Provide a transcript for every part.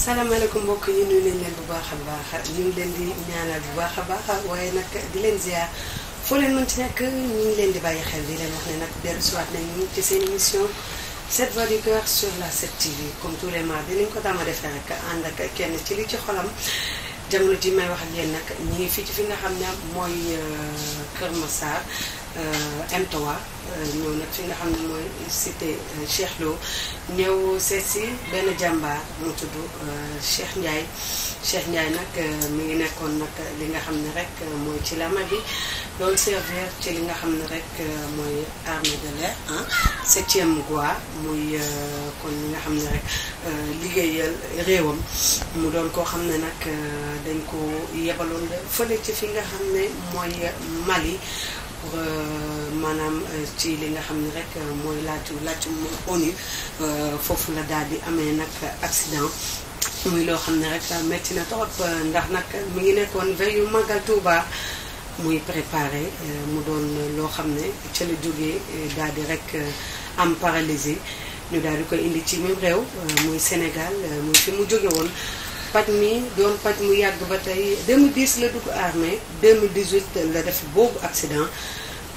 salaamaaleykum mbokk yi nuyu nañ leen bu baax a baax ñu ngi leen di ñaanal bu baax a baax waaye nag di leen ziar foo leen mën ci nekk ñu ngi leen di bàyyi xel di leen wax ne nag dellu siwaat nañu ci seen émission 7 voix du cœur sur la 7 TV comme tous les mardis ñu ko daama defee nag ànd ak kenn ci li ci xolam jamono ji may wax ak yéen nag ñu ngi fii ci fi nga xam ne mooy euh, Kër Massar MTOA ñëw nag fi nga xam ne mooy site euh, Cheikh Lo ñëw seet benn jàmbaar mu tudd euh, Cheikh Ndiaye Cheikh Ndiaye nag euh, mi ngi nekkoon nag li nga xam ne rek mooy ci lama bi loolu servir ci li nga xam ne rek mooy armée de l'air muy kon li nga xam ne rek liggéeyal réewam mu doon koo xam ne nag dañ ko yebaloon fële ci fi nga xam ne mooy Mali pour euh, maanaam euh, ci li nga xam ne rek euh, mooy laajtu laajtu ONU foofu la daal di amee nag accident. muy loo xam ne rek métti na trop ndax nag mi ngi nekkoon veille yu màggal Touba muy préparé mu doon loo xam ne ca la jógee daal di rek am paralysé ñu daal di koy indi ci même réew muy Sénégal muy fi mu jóge part mii doon paj mu yàgg ba tey 2010 la dugg armée 2018 la def boobu accident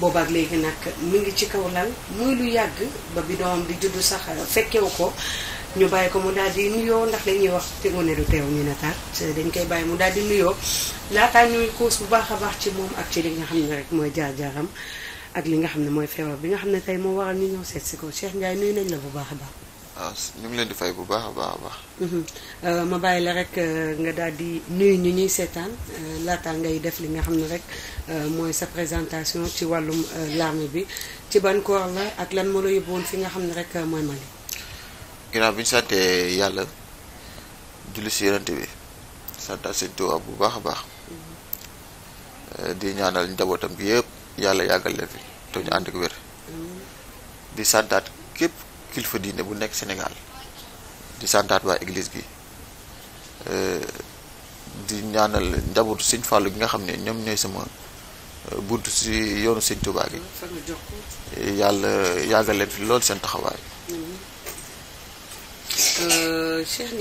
boobaak léegi nag mu ngi ci kaw lal muy lu yàgg ba bi doomam di juddu sax fekkewu ko ñu bàyyi ko mu daal di nuyoo ndax lañuy wax te ne du teew ñu ne taat dañ koy bàyyi mu daal di nuyoo laataa ñuy cause bu baax a baax ci moom ak ci li nga xam ne rek mooy jaar-jaaram ak li nga xam ne mooy feebar bi nga xam ne tey moo waral ñu ñëw seet si ko Cheikh Ndiaye nuyu nañ la bu baax a baax. waa ah, ñu ngi leen di fay bu baax a baax a baax. Mhm. Euh, ma bàyyi la rek euh, nga daal di nuyu ñu ñuy seetaan euh, laataal ngay def li nga xam ne rek mooy sa présentation ci wàllum l'armée bi ci ban koor la ak lan moo la yóbbuwoon fi nga xam ne rek mooy Mali. ginnaaw bi ñu sante yàlla julli si yonent bi santaat seen Tuubaa bu baax a baax mhm. di ñaanal njabootam bi yëpp yàlla yàggal leen fi te ñu mhm. ànd ak wér di santaat. kilifa diine bu nekk Sénégal di santaat waa église bi euh, di ñaanal njabootu sëñ Fallou gi nga xam ne ñoom ñooy sama euh, buntu si yoonu sëñ Touba gi yàlla yàggal leen fi loolu seen taxawaay. Euh, Cheikh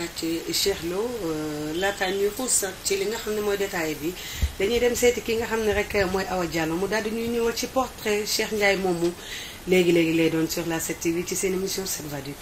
kat ci Cheikh Lo euh, laataa ñuy xuus sax ci li nga xam ne mooy détail bi dañuy dem seeti ki nga xam ne rek mooy Awa Diallo mu daal di ñuy ñëwal ci portrait Cheikh Ndiaye moomu léegi léegi lay doon sur la 7TV ci seen émission 7 voix du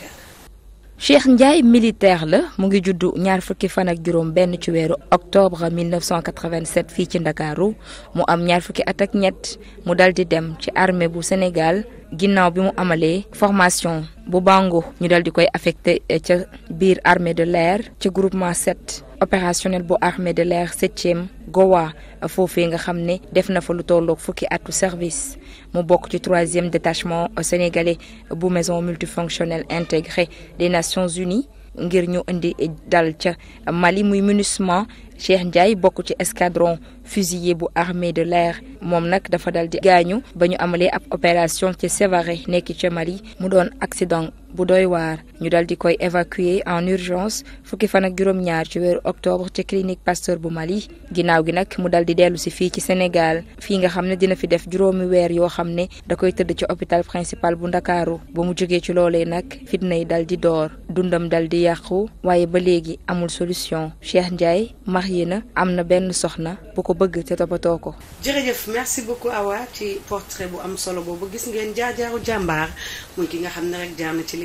Cheikh Ndiaye militaire la mu ngi juddu ñaar fukki fan ak juróom benn ci weeru octobre 1987 fii ci Ndakaaru mu am ñaar fukki at ak ñett mu dal di dem ci armée bu Sénégal ginnaaw bi mu amalee formation bu Bango ñu dal di koy affecté eh, ca biir armée de l'air ca groupement 7 opérationnel bu armée de l'air septième Gowa foofee nga xam ni def na fa lu tolloog fukki atu service mu bokk ci troisième détachement sénégalais bu maison multifonctionnelle intégrée des Nations Unies ngir ñu indi dal ca Mali muy MINUSMA Cheikh Ndiaye bokk ci escadron fusilier bu armée de l'air moom nag dafa dal di gaañu ba ñu amalee ab opération ci Sévaré nekk ca Mali mu doon accident bu doy waar ñu dal di koy évacuer en urgence fukki fan ak juróom-ñaar ci weeru octobre ci clinique Pasteur bu Mali ginnaaw gi nag mu dal di dellu si fii ci Sénégal fii nga xam ne dina fi def juróomi weer yoo xam ne da koy tëdd ci hôpital principal bu Ndakaaru ba mu jógee ci loolee nag fitna yi dal di door dundam dal di yàqu waaye ba léegi amul solution Cheikh Ndiaye marié na am na benn soxna bu ko bëgg te toppatoo ko. jërëjëf merci beaucoup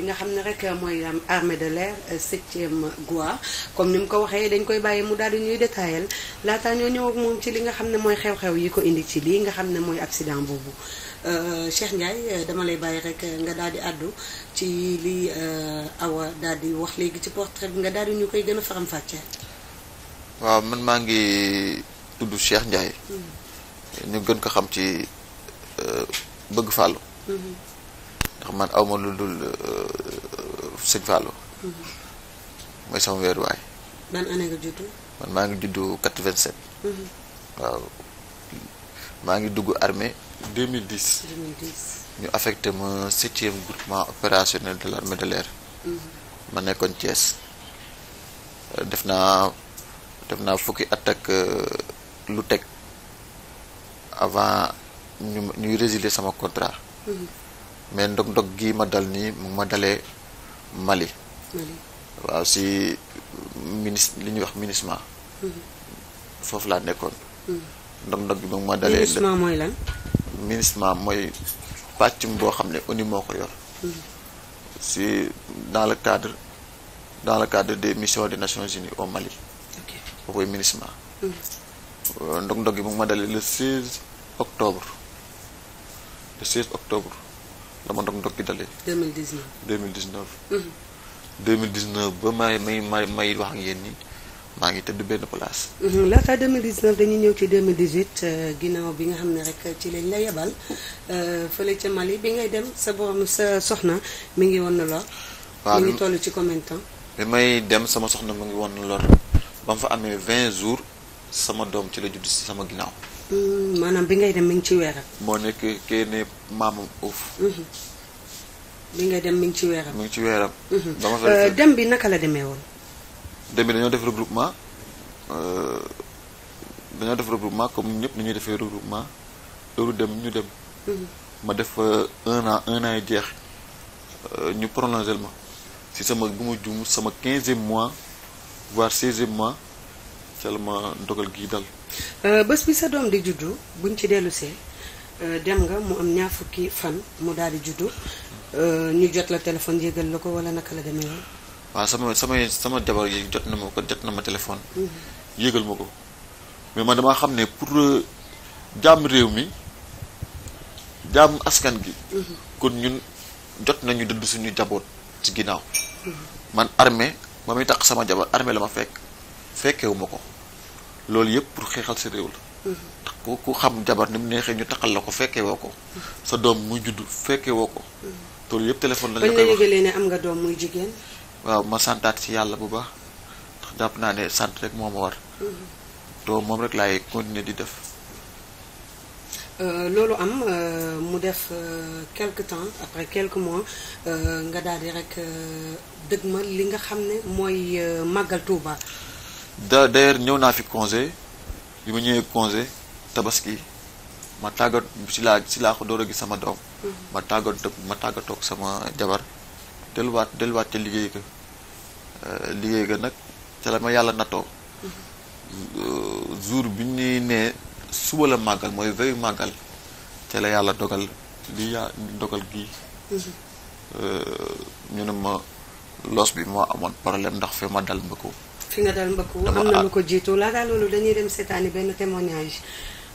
nga xam ne rek mooy armée de l'air euh, septième gloire comme ni mu ko waxee dañ koy bàyyi mu daal di ñuy détaillal laata ñoo ñëw ak moom ci li nga xam ne mooy xew-xew yi ko indi ci lii nga xam ne mooy accident boobu euh, Cheikh Ndiaye euh, dama lay bàyyi rek nga daal di àddu ci lii awa daal di wax léegi ci portrait bi nga daal di ñu koy gën a faram-fàccee. waaw man maa ngi tudd Cheikh Ndiaye. Hmm. ñu gën ko xam ci bëgg fàllu. Hmm. man awma lu dul euh, sëñ Fallou mm-hmm. mooy sama weeruwaay ban année nga man maa ngi juddu quatre-vingt-sept mm-hmm. waaw maa ngi dugg armée 2010 2010 ñu affecté ma septième groupement opérationnel de l'armée de l'air mm-hmm. ma nekkoon Thiès def naa def naa fukki at ak euh, lu teg avant ñu ñuy résilier sama contrat mais ndog-ndog gi ma dal nii mu ma dalee Mali. waaw si ministre li ñuy wax MINUSMA. Mm-hmm. foofu laa nekkoon. Mm-hmm. ndog-ndog gi mu ma dalee. MINUSMA mooy lan. MINUSMA mooy pàccum boo xam ne ONU moo ko yor. Mm-hmm. si dans le cadre dans le cadre de mission des Nations Unies au Mali. ok boobu MINUSMA. Euh, ndog-ndog gi mu ma dalee le 16 octobre le 16 octobre. dama ndog ndog gi dalee. 2019 2019. 2019 ba may may may may wax ak yéen nii maa ngi tëdd benn place. Mhm. laata 2019 dañuy ñëw ci 2018 euh, ginnaaw bi nga xam ne rek ci lañ la yebal euh, fële ca Mali bi ngay dem sa borom sa soxna mi ngi woon na lor. waaw mi ngi toll ci combien de temps. bi may dem sama soxna mu ngi woon na lor ba mu fa amee 20 jours sama doom ci la judd si sama ginnaaw. Mm, maanaam bi ngay dem mi ngi ci weeram. moo nekk kii ne maamam mhm. uuf. bi ngay dem mi ngi ci weeram. mi ngi ci weeram. Mhm. Euh, dem bi naka la demee woon. dem bi dañoo def regroupement euh, dañoo def regroupement comme ñëpp ni ñuy defee regroupement loolu dem ñu dem. Mhm. ma def un an un an yi jeex euh, ñu prolongé ma si sama bu ma juum sama quinzième mois voir seizième mois ca ndogal gii dal. Euh, bés bi sa doom di juddu buñ ci dellusee euh, dem nga mu am ñaar fukki fan mu daal di juddu euh, ñu jot la téléphone yëgal la ko wala naka la demee waa sama sama jabar yi jot na ma ko jot na ma téléphone. Mhm. yëgal ma ko mais man damaa xam ne pour jàmm réew mi jàmm askan gi. Mhm. kon ñun jot nañu dëdd suñu jaboot ci ginnaaw. Mhm. man armée ma muy tax sama jabar armée la ma fekk fekkewu ma ko. loolu yëpp pour xeexal sa réew la mm-hmm. ku ku xam jabar ni mu neexee ñu taxal la ko fekkee woo ko mm-hmm. sa doom muy judd fekkee woo ko mm-hmm. loolu yëpp téléphone lañu koy wax bañ la ne am nga doom muy jigéen waaw ma santaat ci yàlla bu baax jàpp naa ne sant rek moo ma war doom moom rek laay continuer di def euh, loolu am euh, mu def euh, quelque temps après quelques mois nga daal di rek dëgg ma li nga xam ne mooy màggal Tuuba da d'ailleurs ñëw naa fi congé li ma ñëwee congé tabaski ma tàggat si laa si laa ko a gis sama doom mm-hmm. ma tàggat ma tàggatook sama jabar delluwaat delluwaat ca liggéey ga euh, liggéey ga nag ca la ma yàlla nattoo mm-hmm. euh, jour bi ñuy nee suba la màggal mooy veille màggal ca la yàlla dogal li yaa dogal gii mm-hmm. euh, ñu ne ma los bi moo amoon problème ndax fi ma dal mbëkku fi nga dal mbëkku ah, am na ah. lu ko jiitu laataa loolu dañuy dem seetaani benn témoignage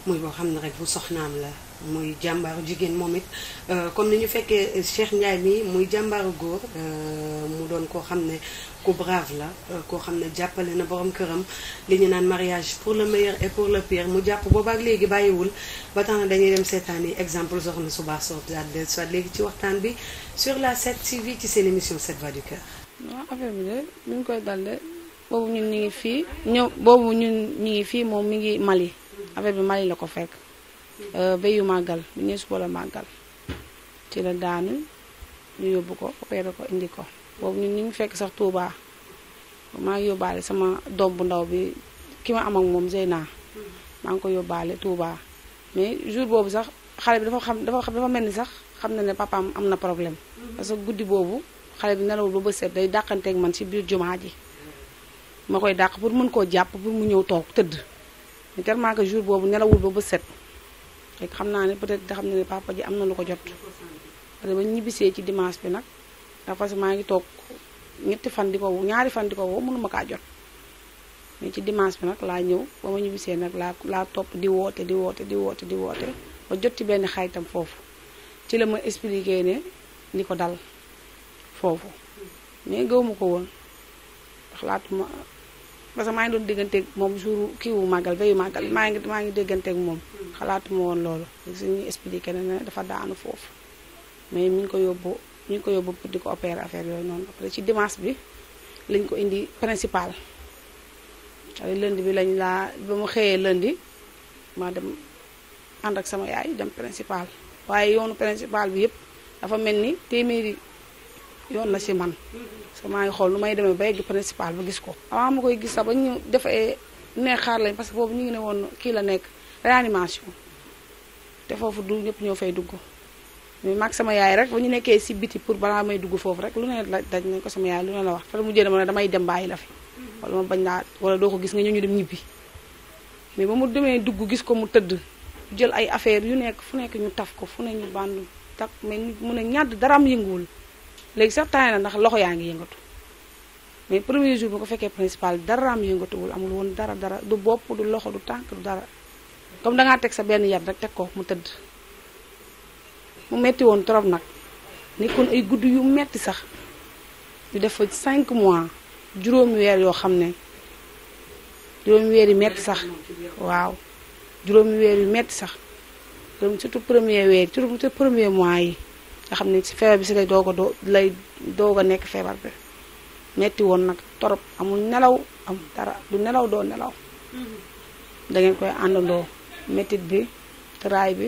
muy boo xam ne rek bu soxnaam la muy jàmbaaru jigéen moom it euh, comme ni ñu fekkee Cheikh Ndiaye mi muy jàmbaaru góor euh, mu doon koo xam ne ku brave la euh, koo xam ne jàppale na borom këram li ñu naan mariage pour la meilleur et pour le pire mu jàpp boobaak léegi bàyyiwul ba tax na dañuy dem seetaan exemple soxna su baax soo daal soit léegi ci waxtaan bi sur la 7 ci seen émission 7 voix du boobu ñun ñu ngi fii ñëw boobu ñun ñu ngi fii moom mi ngi Mali affaire bi Mali la ko fekk euh, béyu màggal bu ñuy suba la màggal ci la daanu ñu yóbbu ko opéré ko indi ko boobu ñun ñu ngi fekk sax Touba maa ngi yóbbaale sama doom bu ndaw bi ki ma am ak moom naa maa ngi ko yóbbaale Touba mais jour boobu sax xale bi dafa xam dafa xam dafa mel ni sax xam na ne papaam am na problème mm-hmm. parce que guddi boobu xale bi nelawul ba bët set day dàqanteeg man ci biir jumaa ji ma koy dàq pour mën koo jàpp pour mu ñëw toog tëdd mais tellement jour boobu nelawul ba set rek xam naa ne peut-être da xam ne papa ji am na lu ko jot parce que ba ñibbisee ci dimanche bi nag ndax parce que maa ngi toog ñetti fan di ko ñaari fan di ko woo mënuma kaa jot mais ci dimanche bi nag laa ñëw ba ma ñibbisee nag laa laa topp di woote di woote di woote di woote ba jot ci benn xaritam foofu ci la ma expliqué ne li ko dal foofu mais gëwuma ko woon ndax parce que maa ngi doon dégganteeg moom jour kii wu màggal veyu màggal maa ngi maa ngi dégganteeg moom xalaatuma woon loolu suñuy expliqué na ne dafa daanu foofu mais mi ngi ko yóbbu mi ngi ko yóbbu pour di ko opérer affaire yooyu noonu après ci dimanche bi lañ ko indi principal lënd bi lañ laa ba mu xëyee lundi ma dem ànd ak sama yaay dem principal waaye yoonu principal bi yëpp dafa mel ni téeméeri yoon la si man parce maa ngi xool lu may demee ba egg principal ba gis ko avant ma koy gis sax ba ñu defee ne xaar lañ parce que boobu ñu ngi ne woon kii la nekk réanimation te foofu du ñëpp ñoo fay dugg mais mag sama yaay rek ba ñu nekkee si biti pour balaa may dugg foofu rek lu ne la daj nañ ko sama lu ne la wax fa mu jëlee ma ne dem bàyyi la fi wala bañ laa wala doo ko gis nga ñëw ñu dem ñibbi mais ba mu demee dugg gis ko mu tëdd jël ay affaire yu nekk fu nekk ñu taf ko fu ne ñu bàndu tak mais mu ne ñàdd dara am yënguwul léegi sax na ndax loxo yaa ngi yëngatu mais premier jour bu ko fekkee principal daraam yëngatuwul amul woon dara dara du bopp du loxo du tànk du dara comme dangaa teg sa benn yat rek teg ko mu tëdd mu metti woon trop nag nekkoon ay gudd yu metti sax ñu def fa 5 mois juróomi weer yoo xam ne juróomi weer yu metti sax waaw juróomi weer yu metti sax donc surtout premier weer surtout premier mois yi nga xam ne si feebar bi si lay doog a doo a nekk feebar bi metti woon nag torop amul nelaw am nelaw doo nelaw mm-hmm. da koy àndandoo mettit bi tëraay bi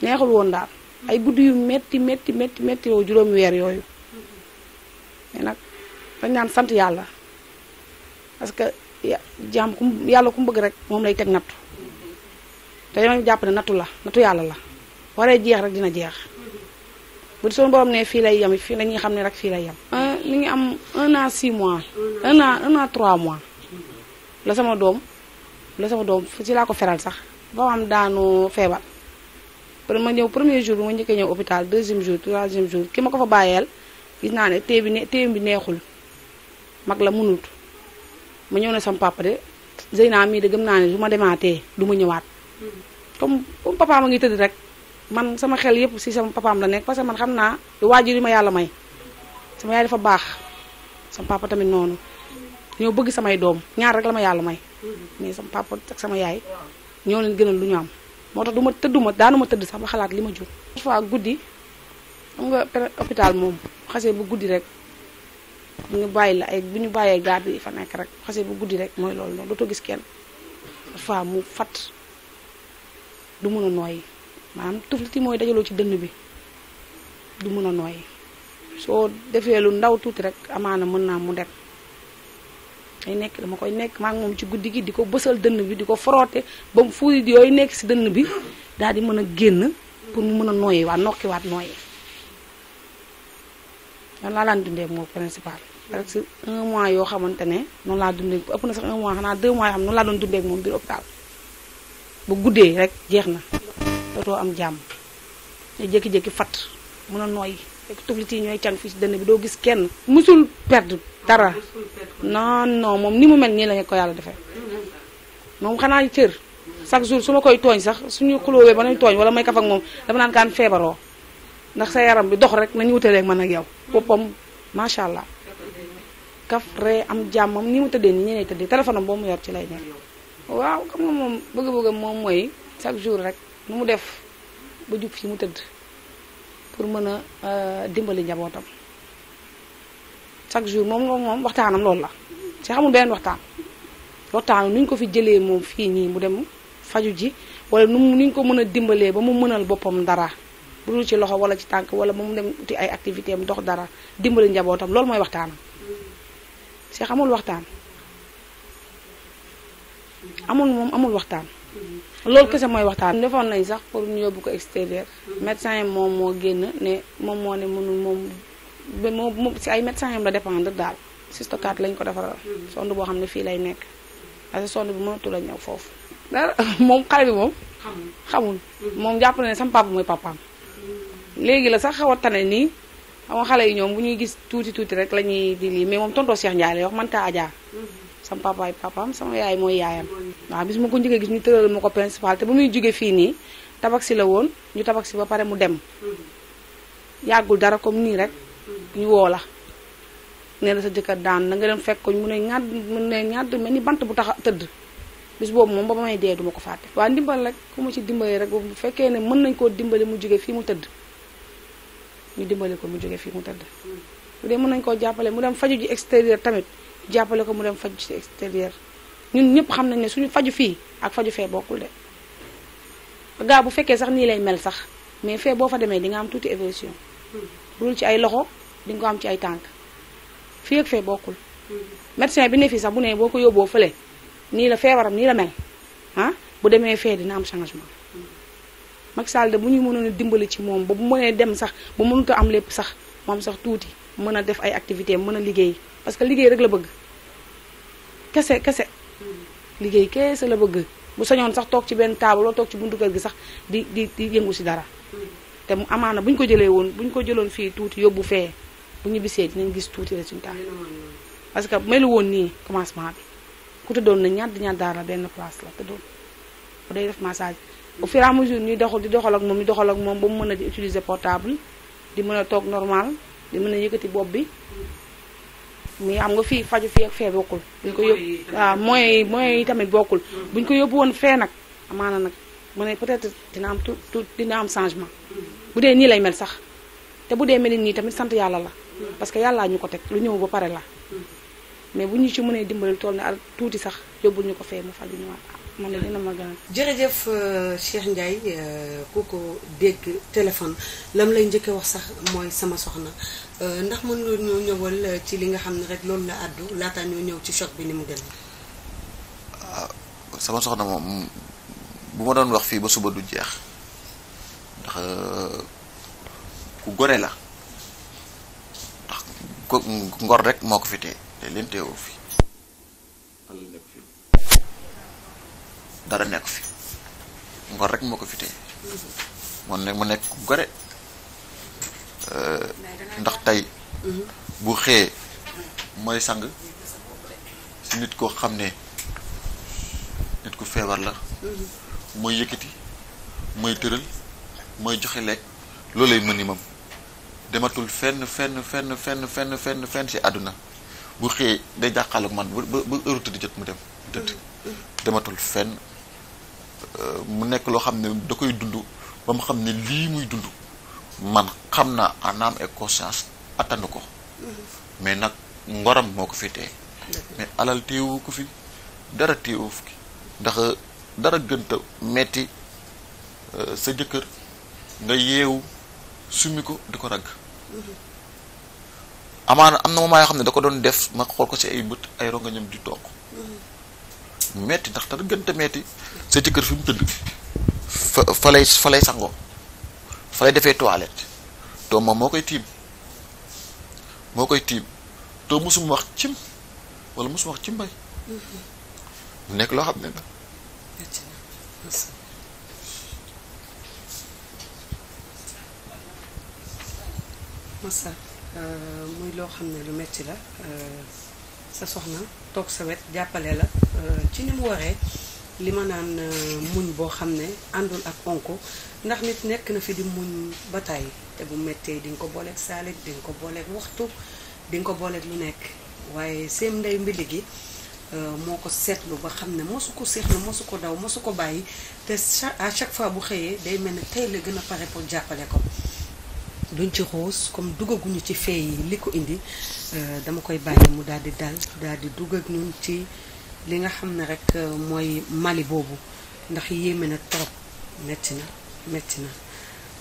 neexul woon daal ay guddi yu metti weer yooyu mm-hmm. nag dañ naan sant yàlla parce que jaam ku yàlla kum bëgg rek moom lay teg nattu mm-hmm. te dañoo jàpp ne nattu la nattu yàlla la waree jeex rek dina jeex bu di suñu borom ne fii lay yem fii dañuy xam ne rek fii lay yem ah, mi ngi am un an six mois un an un an trois mois la sama doom la sama doom ci laa ko feral sax ba am daanu feebar ma ñëw premier jour bi ma njëkkee ñëw hôpital deuxième jour troisième jour ki ma ko fa bàyyeel gis naa ne tée bi ne tée bi neexul mag la mënut ma ñëw ne sama papa de Zeyna mii de gëm naa ne su ma demaatee du ma ñëwaat hmm. comme comme papa ngi tëdd rek man sama xel yëpp si sama papaam la nekk parce que man xam naa waajur yi ma yàlla may sama yaay dafa baax sama papa tamit noonu ñoo bëgg samay doom ñaar rek la ma yàlla may mais sama papa ak sama yaay ñoo leen gënal lu ñu am moo tax du ma tëdduma daanu ma tëdd sax ba xalaat li ma jur parfois guddi xam nga hôpital moom xasee bu guddi rek bu ñu bàyyi la ay bu ñu bàyyee garde yi fa nekk rek xasee bu guddi rek mooy loolu noonu dootoo gis kenn parfois mu fat du mun a nooyi maanaam tufliti mooy dajaloo ci dënn bi du mën a nooy soo defee lu ndaw tuuti rek amaana mën naa mu dem day nekk dama koy nekk maa ngi moom ci guddi gi di ko bësal dënn bi di ko frotté ba mu fuurit yooyu nekk ci dënn bi dal di mën a génn pour mu mën a nooyi waat nokki waat nooyi noonu laa daan dundee moo principal parce que un mois yoo xamante ne noonu laa dundee ëpp na sax un mois xanaa deux mois xam ne laa doon dundee ak moom biir hôpital ba guddee rek jeex na dootoo am jàmm ñu jékki-jékki fat mun a nooy fekk yi ñooy càng fii dënn bi doo gis kenn musul perdre dara non non moom ni mu mel nii la ko yàlla defee moom xanaa cër chaque jour su ma koy tooñ sax suñu xulóowee ba nañ tooñ wala may kaf ak moom dafa naan kaan feebaroo ndax sa yaram bi dox rek nañu wutaleeg man ak yow boppam macha allah kaf ree am jàmmam ni mu tëddee ni ñeneen tëddee téléphone am boo mu yor ci lay nekk waaw xam nga moom bëgg mooy chaque jour rek nu mu def ba jub fi mu tëdd pour mën a euh, dimbali njabootam chaque jour moom moom waxtaanam loolu la ci xamul benn waxtaan waxtaan nuñ ko fi jëlee moom fii nii mu dem faju ji wala nu mu nuñ ko mën a dimbalee ba mu mënal boppam dara bu dul ci loxo wala ci tànk wala ba mu dem uti ay activité am dox dara dimbali njabootam loolu mooy waxtaanam ci amul waxtaan amul moom amul waxtaan loolu kese mooy waxtaan defoon nañ sax pour ñu yóbbu ko extérieur médecin yi moom moo génn ne moom moo ne mënul moom ba moom ay médecin la dépendre daal cystocat lañ ko defaral boo xam ne fii lay nekk parce que sonde bi mënatul ñëw foofu moom xale bi moom xamul moom jàpp na ne sama papa mooy papaam léegi la sax xaw a tane nii xam nga xale yi ñoom bu ñuy gis tuuti tuuti rek la ñuy di lii mais moom tontoo Cheikh Ndiaye lay wax man kaa ajaar sama papaay papaam sama yaay mooy yaayam waaw bis ma ko njëkkee gis ñu tëral ma ko principal te muy jóge fii nii tabax si la woon ñu tabax si ba pare mu dem dara comme nii rek ñu woo la nee na sa jëkkër daan na nga dem fekk mu ne ñaat mu ne ñaat mel ni bant bu tax tëdd bis boobu moom ba may dee duma ko fàtte waa ndimbal rek ku ma ci dimbali rek bu fekkee ne mën nañ koo dimbali mu jóge fii mu tëdd ñu dimbali ko mu jóge fii mu tëdd mën nañ koo jàppale mu dem faju ji extérieur tamit jàppale ko mu dem faj ci extérieur ñun ñëpp xam nañ ne suñu faju fii ak faju fee bokkul de gaa bu fekkee sax nii lay mel sax mais fee boo fa demee di nga am tuuti évolution bul ci ay loxo di ko am ci ay tànk fii ak fee bokkul médecin bi ne fii sax bu ne boo ko yóbboo fële nii la feebaram nii la mel ah bu demee fee dina am changement Macky Sall de bu ñuy mënoon dimbali ci moom bu mënee dem sax bu mënut ko am lépp sax moom sax tuuti mën a def ay activité mën a liggéey parce que liggéey rek la bëgg kese kese liggéey kese la bëgg bu sañoon sax toog ci benn taabal wala toog ci buntu kër gi sax di di di yëngu si dara te mu amaana bu ñu ko jëlee woon bu ñu ko jëloon fii tuuti yóbbu fee bu ñu bisee dinañ gis tuuti résultat parce que may melu woon nii commencement bi ku tëddoon na ñaar di daara benn place la tëddoon bu day def massage au fur et à mesure ñuy doxal di doxal ak moom di doxal ak moom ba mu mën a di utiliser portable di mën a toog normal di mën a yëkkati bopp bi mais xam nga fii faju fii ak fee bokkul buñ ko yóbbu waaw moyens yi tamit bokkul bu buñ ko yóbbu woon fee nag amaana nag mu ne peut-être dina am tout tout dina am changement bu dee nii lay mel sax te bu dee mel nii tamit sant yàlla la parce que yàllaa ñu ko teg lu ñëw ba pare la mais bu ñu ci mënee dimbali tool ne ar tuuti sax yóbbul ñu ko fee mu faju ñëwaat man de dina ma jërëjëf euh, Cheikh Ndiaye euh, ku ko dégg téléphone lam lay njëkkee wax sax mooy sama soxna euh, ndax mën nga ñëwal ci li nga xam ne rek loolu la àddu laataa ñoo ñëw ci choc bi ni mu dem. Ah, sama soxna moom bu ma doon wax fii ba suba du jeex ndax ku gore la ndax ngor rek moo ko fi te leen teewoo fi. dara nekk fi ngor rek moo ko fi téye moom nag mu nekk ku gore euh, ndax tey bu xëyee mooy sang si nit koo xam ne nit ku feebar la mooy yëkkati mooy tëral mooy joxe lekk loolay mënimam dematul fenn fenn fenn fenn fenn fenn fenn si àdduna bu xëyee day jàqalu man ba ba heure tëdd jot mu dem tëdd dematul fenn Euh, mu nekk loo xam ne da koy dund ba mu xam ne lii muy dund man xam na en âme et conscience attanu ko mais nag ngoram moo ko fi tee mais alal téewu ko fi dara téewu fi ndax dara gënta metti euh, sa jëkkër nga yeewu summi ko di ko ragg amaana am na moment yoo xam ne da ko doon def ma xool ko ci ay bët ay rongañam di toog daf metti ndax dara gën a metti sa jëkkër fi mu tëdd fa fa lay fa lay sango fa lay defee toilette doomam moo koy tiim moo koy tiim doo mosum wax cim wala mosum wax cim bay mu nekk loo xam ne nag masa euh, lu metti la euh, sa soxna toog sa wet jàppale la euh, ci ni mu waree li ma naan euh, muñ boo xam ne àndul ak onko ndax nit nekk na fi di muñ ba tàyyi te bu méttee di nga ko booleeg saalit di nga ko booleeg waxtu di nga ko booleeg lu nekk waaye seen ndey mbili gi euh, moo ko seetlu ba xam ne su ko seetlu mosu ko daw mosu ko bàyyi te à chaque fois bu xëyee day mel ne tey la gën a pare pour jàppale ko duñ ci xuus comme duggaguñu ci fee yi li ko indi euh, dama koy bàyyi mu daal di dal daal di dugg ak ñun ci li nga xam ne rek euh, mooy Mali boobu ndax yéeme na trop metti na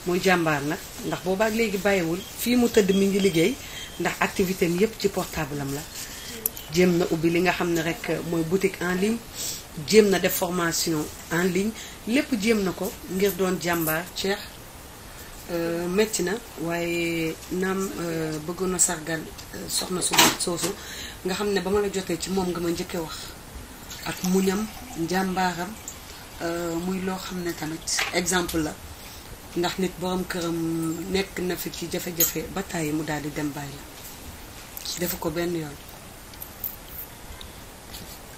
mooy jàmbaar nag ndax boobaak léegi bàyyiwul fii mu tëdd mi ngi liggéey ndax activité am yépp ci portable am la jéem na ubbi li nga xam ne rek euh, mooy boutique en ligne jéem na def formation en ligne lépp jéem na ko ngir doon jàmbaar Cheikh Euh, métti na waaye naam euh, bëggoon na sargal euh, soxna su soosu nga xam ne ba ma la jotee ci moom nga ma njëkkee wax ak muñam njàmbaaram muy loo xam ne tamit exemple la ndax nit boroom këram nekk na fi ci jafe-jafe ba tàyyi mu daal di dem bàyyi la defu ko benn yoon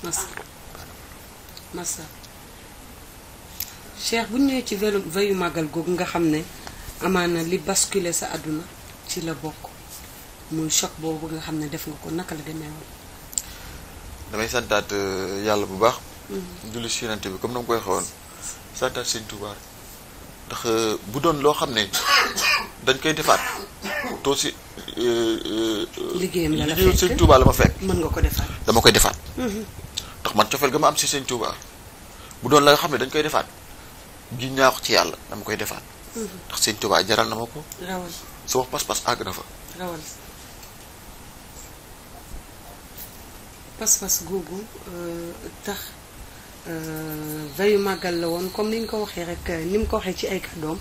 massa massa Cheikh bu ñu ñëwee ci veyu màggal googu nga xam ne amaana li basculer sa àdduna ci la bokk muy choc boobu nga xam ne def nga ko naka la demee woon. damay santaat euh, yàlla bu baax. Mm-hmm. julli si bi comme na nga koy waxoon santaat sëñ Tuubaa ndax euh, bu doon loo xam ne dañ koy defaat too si. Euh, liggéeyam la la fekk la ma fekk. mën nga ko defaat dama koy defaat. Mm-hmm. ndax man cofeel ga am si sëñ Tuubaa bu doon la xam ne dañ koy defaat gi ñaax ci yàlla dama koy defaat. ndax sëñ Tuubaa jaral na ma ko. rawal sama pas-pas àgg na fa. rawal pas-pas googu euh, tax euh, veyu màggal la woon comme ni nga ko waxee rek ni mu ko waxee ci ay kàddoom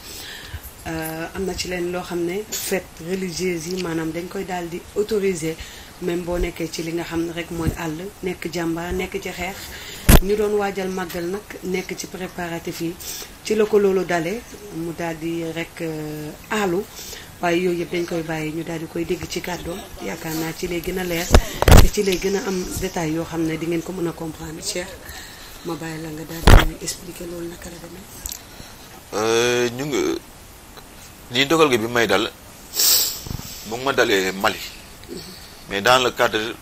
euh, am na ci leen loo xam ne fête religieuse yi maanaam dañ koy daal di autoriser même boo nekkee ci li nga xam ne rek mooy àll nekk jàmba nekk ci xeex. ni doon waajal màggal nag nekk ci préparatif yi ci la ko loolu dalee mu daal di rek euh, aalu waaye yooyu yëpp dañ koy bàyyi ñu daal di koy dégg ci kàddoom yaakaar naa ci lay gën a leer te ci lay gën a am détail yoo xam ne di ngeen ko mën a comprendre Cheikh ma bàyyi la nga daal di expliquer loolu naka la demee. Euh, dogal gi bi may dal dalee Mali mhm. mais dans le cadre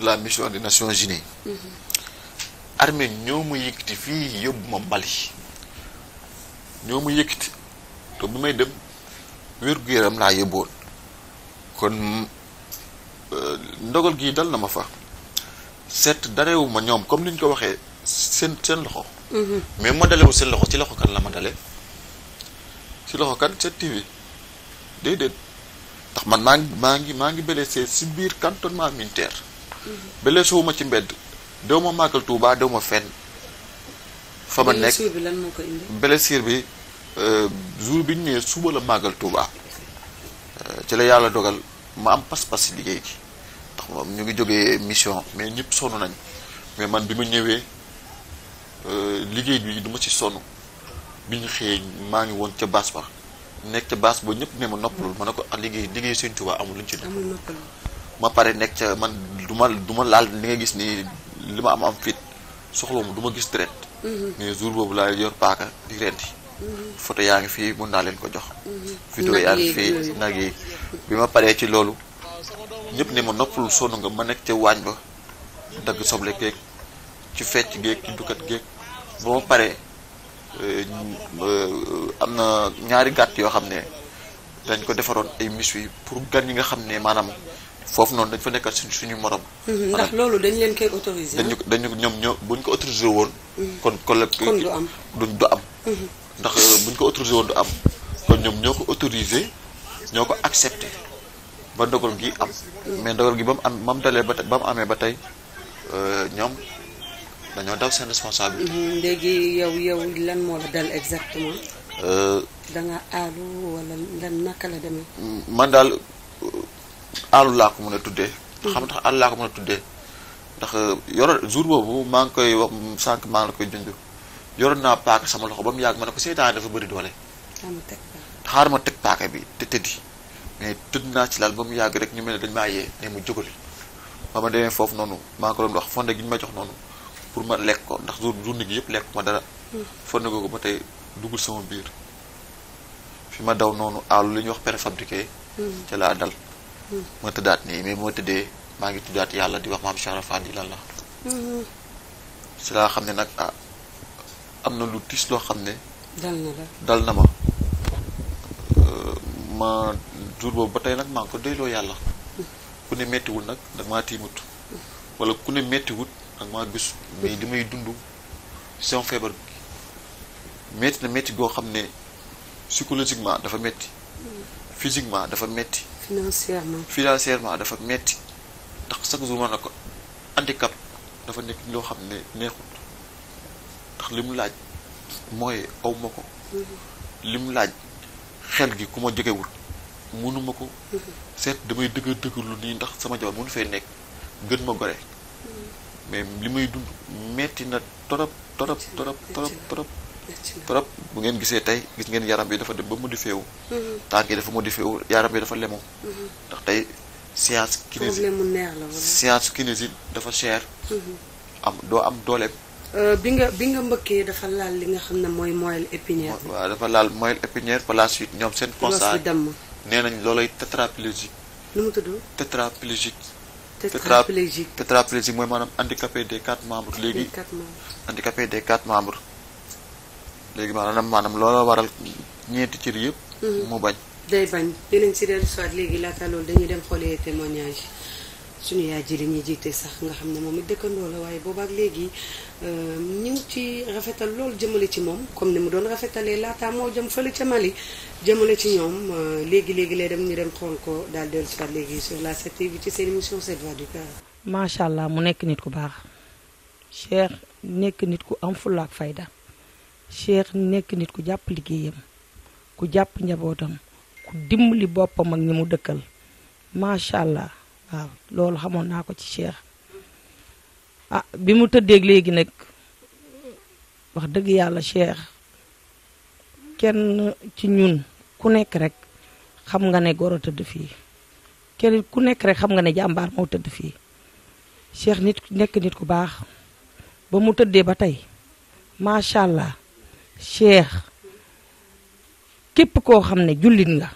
la mission des Nations Unies. Mhm. armée ñoo ma yëkkati fii yóbbu ma Mali ñoo ma yëkkati to bu may dem wér-gu-yaram laa yóbboon kon euh, ndogal gi dal na ma fa set darewuma ñoom comme ni ñu ko waxee seen seen loxo mhm. mais ma dalewu seen loxo ci loxo kan la ma dale ci loxo kan seen TV déedéet ndax man maa ngi maa ngi maa ngi blessé si biir cantonnement militaire mhm. blessé wu ma ci mbedd dew ma màggal Touba dew ma fenn fa ma nekk blessure bi lan bi euh, jour bi ñu ñëwee suba la màggal tuuba euh, ci la yàlla dogal ma am pas-pas si liggéey gi ndax moom ñu ngi jógee mission mais ñëpp sonn nañ mais man bi ma ñëwee euh, liggéey bi duma ci sonn bi ñu xëyee maa ngi woon ca baas ba nekk ca baas boo ñëpp ne ma noppalul ma ne ko ah, liggéey liggéey Sëñ Touba amul luñ ci noppalul ma pare nekk ca man duma duma du laal li nga gis ni li ma am am fit soxla mu du gis traite mhm. mais jour boobu laa yor paaka di renti mhm. photo yaa ngi fii mën naa leen ko jox mhm. vidéo yaa ngi fii nag yi bi ma paree ci loolu ñëpp ne ma noppalul sonn nga ma nekk ca waañ ba dagg soble géeg ci fecc géeg ci dukat géeg ba ma paree euh, euh, am na ñaari gàtt yoo xam ne dañ ko defaroon ay miss wi pour gan yi nga xam ne maanaam foofu noonu dañ fa nekkat suñ suñu morom. Mhm, ndax loolu dañ leen koy autorisé. dañu ko ah? dañu ñoom ñoo buñ ko autorisé woon. Mhm. kon kon du am duñ du am. Mhm. ndax euh, buñ ko autorisé woon du am kon ñoom ñoo ko autorisé ñoo ko accepté ba ndogal gi am. mais ndogal gi ba mu am mam mu dalee ba ba mu amee ba tey euh, ñoom dañoo daw seen responsabilité. léegi yow yow lan moo la dal exactement. Euh, da nga aalu wala lan naka la demee. man daal. àllu laa ko mën a tuddee xam tax àllu laa ko mën a tuddee ndax euh, yoro jour boobu maa ngi koy wax sànq maa ngi koy junj yoroon naa paaka sama loxo ba mu yàgg ma ne ko seytaane dafa bëri doole xaar ma teg paaka bi te tëddi mais tëdd naa ci laal ba mu yàgg rek ñu mel ne dañu maa yee mu jógal ba ma demee foofu noonu maa ngi ko doon wax fonde gi ñu ma jox noonu pour ma lekk ko ndax jour journée gi yëpp lekk ma dara hmm. fonde googu ba tey duggul sama biir fi ma daw noonu àllu li ñuy wax préfabriqué hmm. ca laa dal ma tëddaat nii mais moo tëddee maa ngi tuddaat yàlla di wax maam Cheikh Rafaal yi lan la. Mm-hmm. si laa xam ne nag ah, am na lu tiis loo xam ne. dal na ma. Euh, ma jour boobu ba tey nag maa ngi ko doyloo yàlla. ku ne méttiwul nag da maa tiimut. wala ku nag maa gis li may dund sama feebar métti na métti goo xam ne psychologiquement dafa métti. Mm-hmm. physiquement dafa métti. financièrement. financièrement dafa metti ndax chaque jour ma ne ko handicap dafa nekk loo xam ne neexut ndax li mu laaj mooy awma ko. Mm-hmm. li mu laaj xel gi ku ma jógewul mënuma ko. Mm-hmm. seet damay dëgër dëgërlu nii ndax sama jabar mënu fee nekk gën ma gore mm-hmm. mais li may dund metti na torop torop torop torop torop. trop bu ngeen gisee tey gis ngeen yaram bi dafa dem ba modifié wu. Mhm. tànk yi dafa modifié wu yaram bi dafa lemu. Mhm. ndax tey science. kinési science kinési dafa cher. Mhm. am doo am dooleem. Euh, bi nga bi nga mbëkkee dafa laal li nga xam ne mooy moelle épinière. waaw dafa laal moelle épinière par la suite ñoom seen. constat nee nañ loolay tétraplégique. nu mu tudd. tétraplégique. tétraplégique tétraplégique mooy maanaam handicapé des quatre membres léegi. handicapé des quatre membres. léegi maanaam maanaam looloo waral ñeenti cër yëpp. Mhm. mu bañ. day bañ dinañ si dellu soit léegi laata loolu dañuy dem xoolee témoignage suñu yaay ji li ñuy jiite sax nga xam ne moom it dëkkandoo la waaye boobaak léegi euh, ñu ci rafetal loolu jëmale ci moom comme ni mu doon rafetalee laata moo jëm fële ca Mali jëmale ci ñoom euh, léegi léegi lay dem ñu dem xool ko daal dellu soit léegi sur la 7TV ci seen émission 7 voix macha allah mu nekk nit ku baax Cheikh nekk nit ku am fulla fayda. Cheikh nekk nit ku jàpp liggéeyam ku jàpp njabootam ku dimbali boppam ak ñi mu dëkkal macha allah waaw loolu xamoon naa ko ci Cheikh a ah, bi mu tëddeeg léegi nag wax dëgg yàlla Cheikh kenn ci ñun ku nekk rek xam nga ne goro tëdd fii kenn ku nekk rek xam nga ne jàmbaar moo tëdd fii Cheikh nit nekk nit ku baax ba mu tëddee ba tey macha allah. cheikh képp koo xam ne jullit nga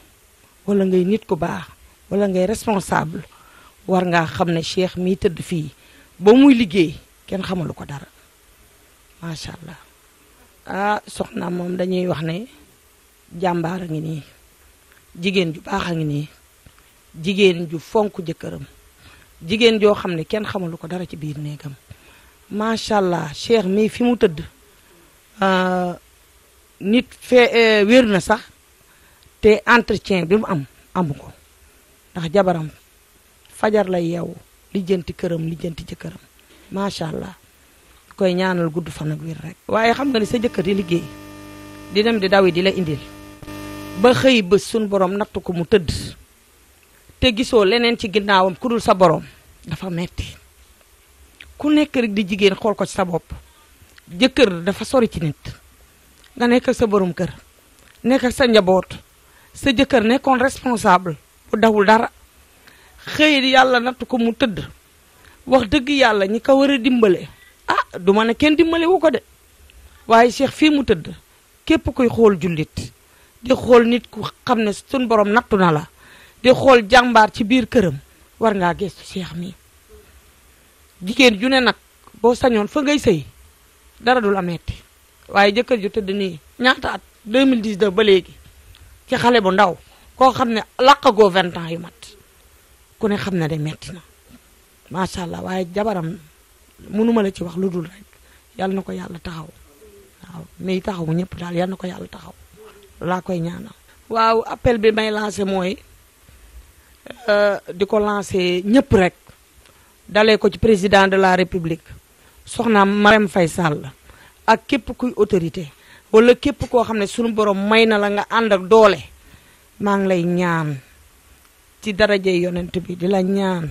walla ngay nit ku baax wala ngay responsable war ngaa xam ne cheikh mi tëdd fii ba muy liggéey kenn xamalu ko dara macha allah ah soxna moom dañuy wax ne jàmbaar ngi nii jigéen ju baax a ngi ni jigéen ju fonk jëkkëram jigéen joo xam ne kenn xamalu ko dara ci biir néegam macha allah cheikh mii fi mu tëdd ah, nit fe eh, wér na sax te entretien bi mu am amu ko ndax jabaram fajar la yew lijjanti këram lijjanti jëkkëram macha allah koy ñaanal gudd fan ak rek. waaye xam nga ni sa jëkkër di liggéey di dem di dawi di la indil ba xëy bés sunu borom natt ko mu tëdd te gisoo leneen ci ginnaawam ku sa borom dafa metti ku nekk rek di jigéen xool ko ci sa bopp jëkkër dafa sori ci nit. nga nekk sa borom kër nekk sa njaboot sa jëkkër nekkoon responsable bu dawul dara xëy yàlla natt ko mu tëdd wax dëgg yàlla ñi ko war a dimbale ah du ma ne kenn dimbale wu ko de waaye Cheikh fii mu tëdd képp kuy xool jullit di xool nit ku xam ne suñ borom nattu na la di xool jàmbaar ci biir këram war ngaa gestu Cheikh mii jigéen ju ne nag boo sañoon fa ngay sëy dara du la metti waaye jëkkër ju tëdd nii ñaata at 2019 ba léegi ci xale bu ndaw koo xam ne laqagoo vingt ans yu mat ku ne xam ne de metti na macha allah waaye jabaram mënuma la ci wax lu dul rek yal na ko yàlla taxaw waaw mais taxaw ñëpp daal yal na ko yàlla taxaw laa koy ñaanal. waaw appel bi may lancé mooy euh, di ko lancé ñëpp rek dalee ko ci président de la république soxna Marème Faye Sall. ak képp kuy autorité wala képp koo xam ne sunu borom may na la nga ànd ak doole maa ngi lay ñaan ci daraje yonent bi di la ñaan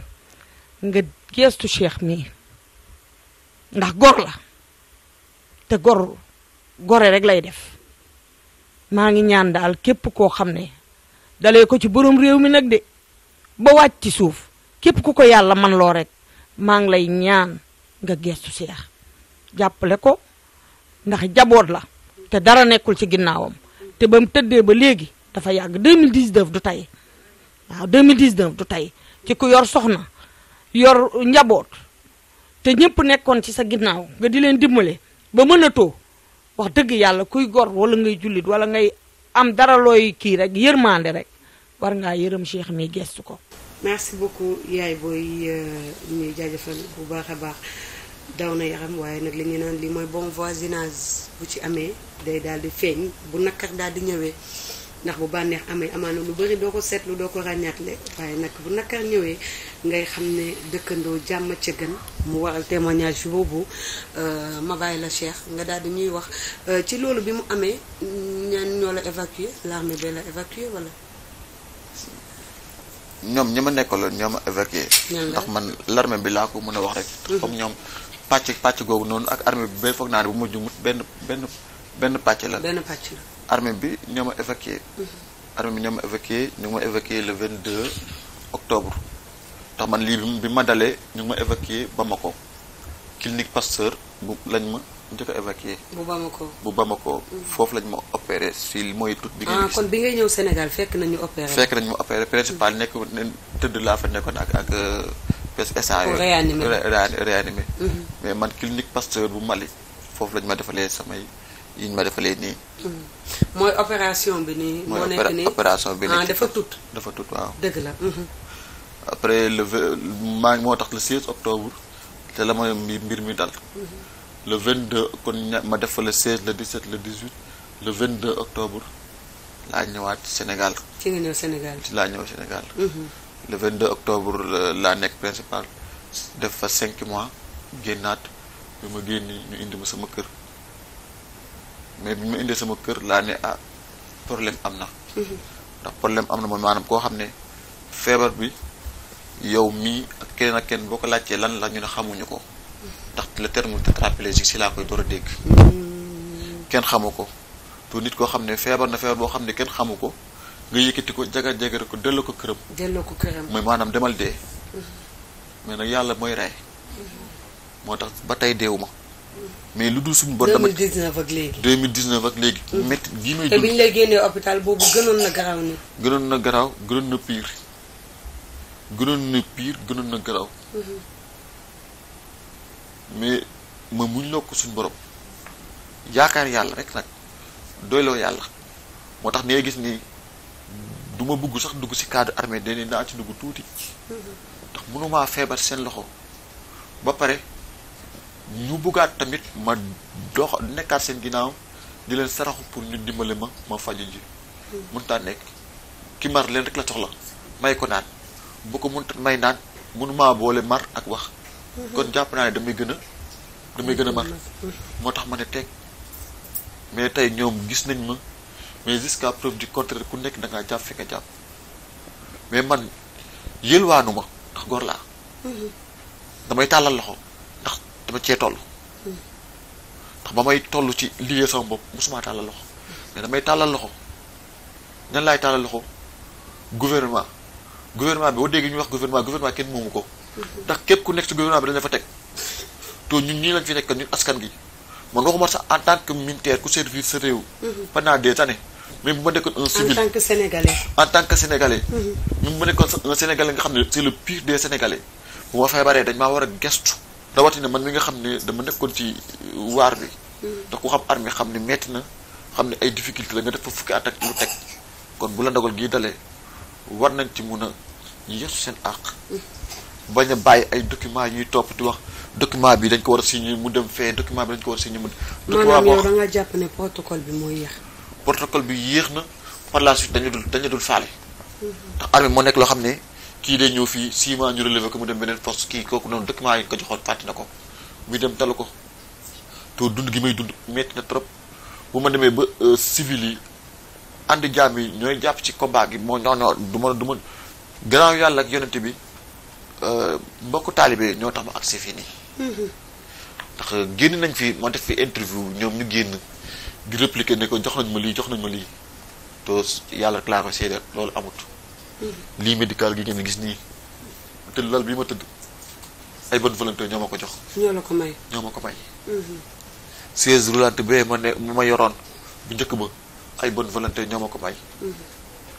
nga geestu cheikh mii ndax gor la te gor gore rek lay def maa ngi ñaan daal képp koo xam ne dalee ko ci borom réew mi nag de ba wàcc ci suuf képp ku ko yàlla man loo rek maa ngi lay ñaan nga geestu cheikh jàppale ko ndax jaboot la te dara nekkul ci ginnaawam te ba mu tëddee ba léegi dafa yàgg 2019 du tey waaw 2019 du tey ci ku yor soxna yor njaboot te ñëpp nekkoon ci sa ginnaaw nga di leen dimbale ba mënatoo wax dëgg yàlla kuy gor wala ngay jullit wala ngay am dara looy kii rek yërmande rek war ngaa yërëm Cheikh mi gestu ko. merci beaucoup yaay booy euh, ñuy jaajëfal bu baax a baax. daw na yaram waaye nag li ñu naan lii mooy bon voisinage bu ci amee day daal di feeñ bu nakkar daal di ñëwee ndax bu bànneex amee amaana lu bari doo ko seetlu doo ko ràññaatle waaye nag bu nakkar ñëwee ngay xam ne dëkkandoo jàmm ca gën mu waral témoignage boobu euh, ma bàyyi la Cheikh nga daal di ñuy wax euh, ci loolu bi mu amee ñaan ñoo la la évacué wala. ñoom ñi ma nekkaloon ñoo ma évacué. ndax man bi laa ko mën a wax rek. Mhm. comme ñoom. pàcc pàcc googu noonu ak armée bi ba foog naa ne bu mujj benn benn benn pàcc la. benn pàcc la. bi ñoo ma évacué. Mhm. armée bi ñoo ma ñu ngi ma évacué le 22 octobre tax man lii bi ma dalee ñu ngi ma évacué Bamako clinique Pasteur bu lañ ma njëkk a évacué. bu Bamako bu Bamako. Mhm. foofu lañ ma opéré si mooy tout ah, bi bi ngay ñëw Sénégal fekk nañ ñu opéré. fekk nañ ma opéré principal nekk tëdd laa fa nekkoon ak ak. Euh, parce que instant yooyu réanimer mm-hmm. mais man clinique Pasteur bu Mali foofu lañ ma defalee samay yi ñu ma defalee nii. Mm-hmm. mooy opération bi nii. moo nekk opération bi nii ah, dafa tut dafa tut waaw. dëgg la. Mm-hmm. après le maa ngi moo tax le 16 octobre te la ma mbir mbir mi dal. le deux kon ma def fa le 16 le 17 le 18 le 22 octobre laa ñëwaat Sénégal. ci nga ñëw Sénégal ci laa ñëw Sénégal. le 22 octobre euh, laa nekk principal def fa cinq mois génnaat bi ma génn ñu indi ma sama kër mais bi ma indee sama kër laa ne ah problème am na. Mhm. ndax problème am na mooy maanaam koo xam ne feebar bi yow mii ak keneen ak kenn boo ko laajtee lan la ñu ne xamuñu ko. ndax le terme tétraplégique si laa koy door a dégg. Mhm. kenn xamu ko. te nit koo xam ne feebar na feebar boo xam ne kenn xamu ko. nga yëkkati ko jagar jagar ko delloo ko këram. delloo ko këram mooy maanaam demal dee. Mm-hmm. mais nag yàlla mooy rey. Mm-hmm. moo tax ba tey deewuma. Mm-hmm. mais lu dul suñu borom. 2019 ak léegi 2019 ak léegi. métti gii may dund te bi ñu lay génnee opital boobu gënoon na garaaw nii. gënoon na garaaw gënoon na pire. gënoon na gënoon na garaaw. mais ma muñ loo ko suñu borom. yaakaar yàlla rek nag doyloo yàlla moo tax nee gis nii. du ma bugg sax dugg ci cadre armée dañu naa ci dugg tuuti ndax mënumaa feebar seen loxo ba pare ñu buggaat tamit ma dox nekkaat seen ginnaaw di leen saraxu pour ñu dimbale ma ma faju ji mëntaa nekk ki mar leen rek la soxla may ko naan bu ko mënta may naan mënumaa boole mar ak wax kon jàpp naa ne damay gën a damay gën a mar moo tax ma ne teg mais tey ñoom gis nañ ma mais jusqu'à preuve du contraire ku nekk da ngaa jàpp fi nga jàpp mais man yëlwaanu ma ndax góor laa mm-hmm. damay tàllal loxo ndax dama cee toll mm-hmm. ndax ba may toll ci liggéey sama bopp mosumaa tàllal loxo mais damay tàllal loxo ñan laay tàllal loxo gouvernement gouvernement bi boo dégg ñu wax gouvernement gouvernement kenn moomu ko mm-hmm. ndax képp ku nekk ci gouvernement bi dañ dafa fa teg te ñun ñii lañ fi nekk ñun askan gi man waxuma sax en tant que militaire ku servir sa réew pendant des années mais bu ma nekkoon un civil en tant que sénégalais. en tant mm-hmm. bu ma nekkoon un sénégalais nga xam ne c'est le pire des sénégalais bu ma feebaree dañ maa war a gestu rawatina man mi nga xam ne dama nekkoon ci euh, waar bi. ndax mm-hmm. ku xam armée xam ne metti na xam ne ay difficulté la nga def fa fukki at ak lu teg kon bu la ndogal gii dalee war nañ ci mun a yeesu seen àq. Mm-hmm. bañ a bàyyi ay document yuy topp di wax document bi dañ ko war a mu dem fee document bi dañ ko war a mu. document boo maanaam yow da nga jàpp ne protocole bi yéex na par la suite dañu dul faale. ndax armée moo nekk loo xam ne kii day ñëw fii 6 ñu relevé ko mu dem beneen poste kii kooku noonu document yi ko joxoon fàtte na ko muy dem talu ko te dund gi may dund metti na trop bu ma demee ba euh, civil yi andi jaam yi ñooy jàpp ci combat gi moo non duma du ma du ma yàlla ak yonente bi euh, mbokk taalibe ñoo tax ma agsi fii nii. Mm-hmm. ndax génn nañ fi moo def fi interview ñoom ñu génn. di répliquer ne ko jox nañ ma lii jox nañ ma lii te yàlla rek laa ko seede loolu amut. Mm-hmm. lii médical gi ngeen gis nii te lal bii ma tëdd ay bonne volonté ñoo ma ko jox. ñoo la ko may ñoo ma ko may. Mm-hmm. chaise bee ma ne ma yoroon bu njëkk ba ay bonne volonté ñoo ko may. Mm-hmm.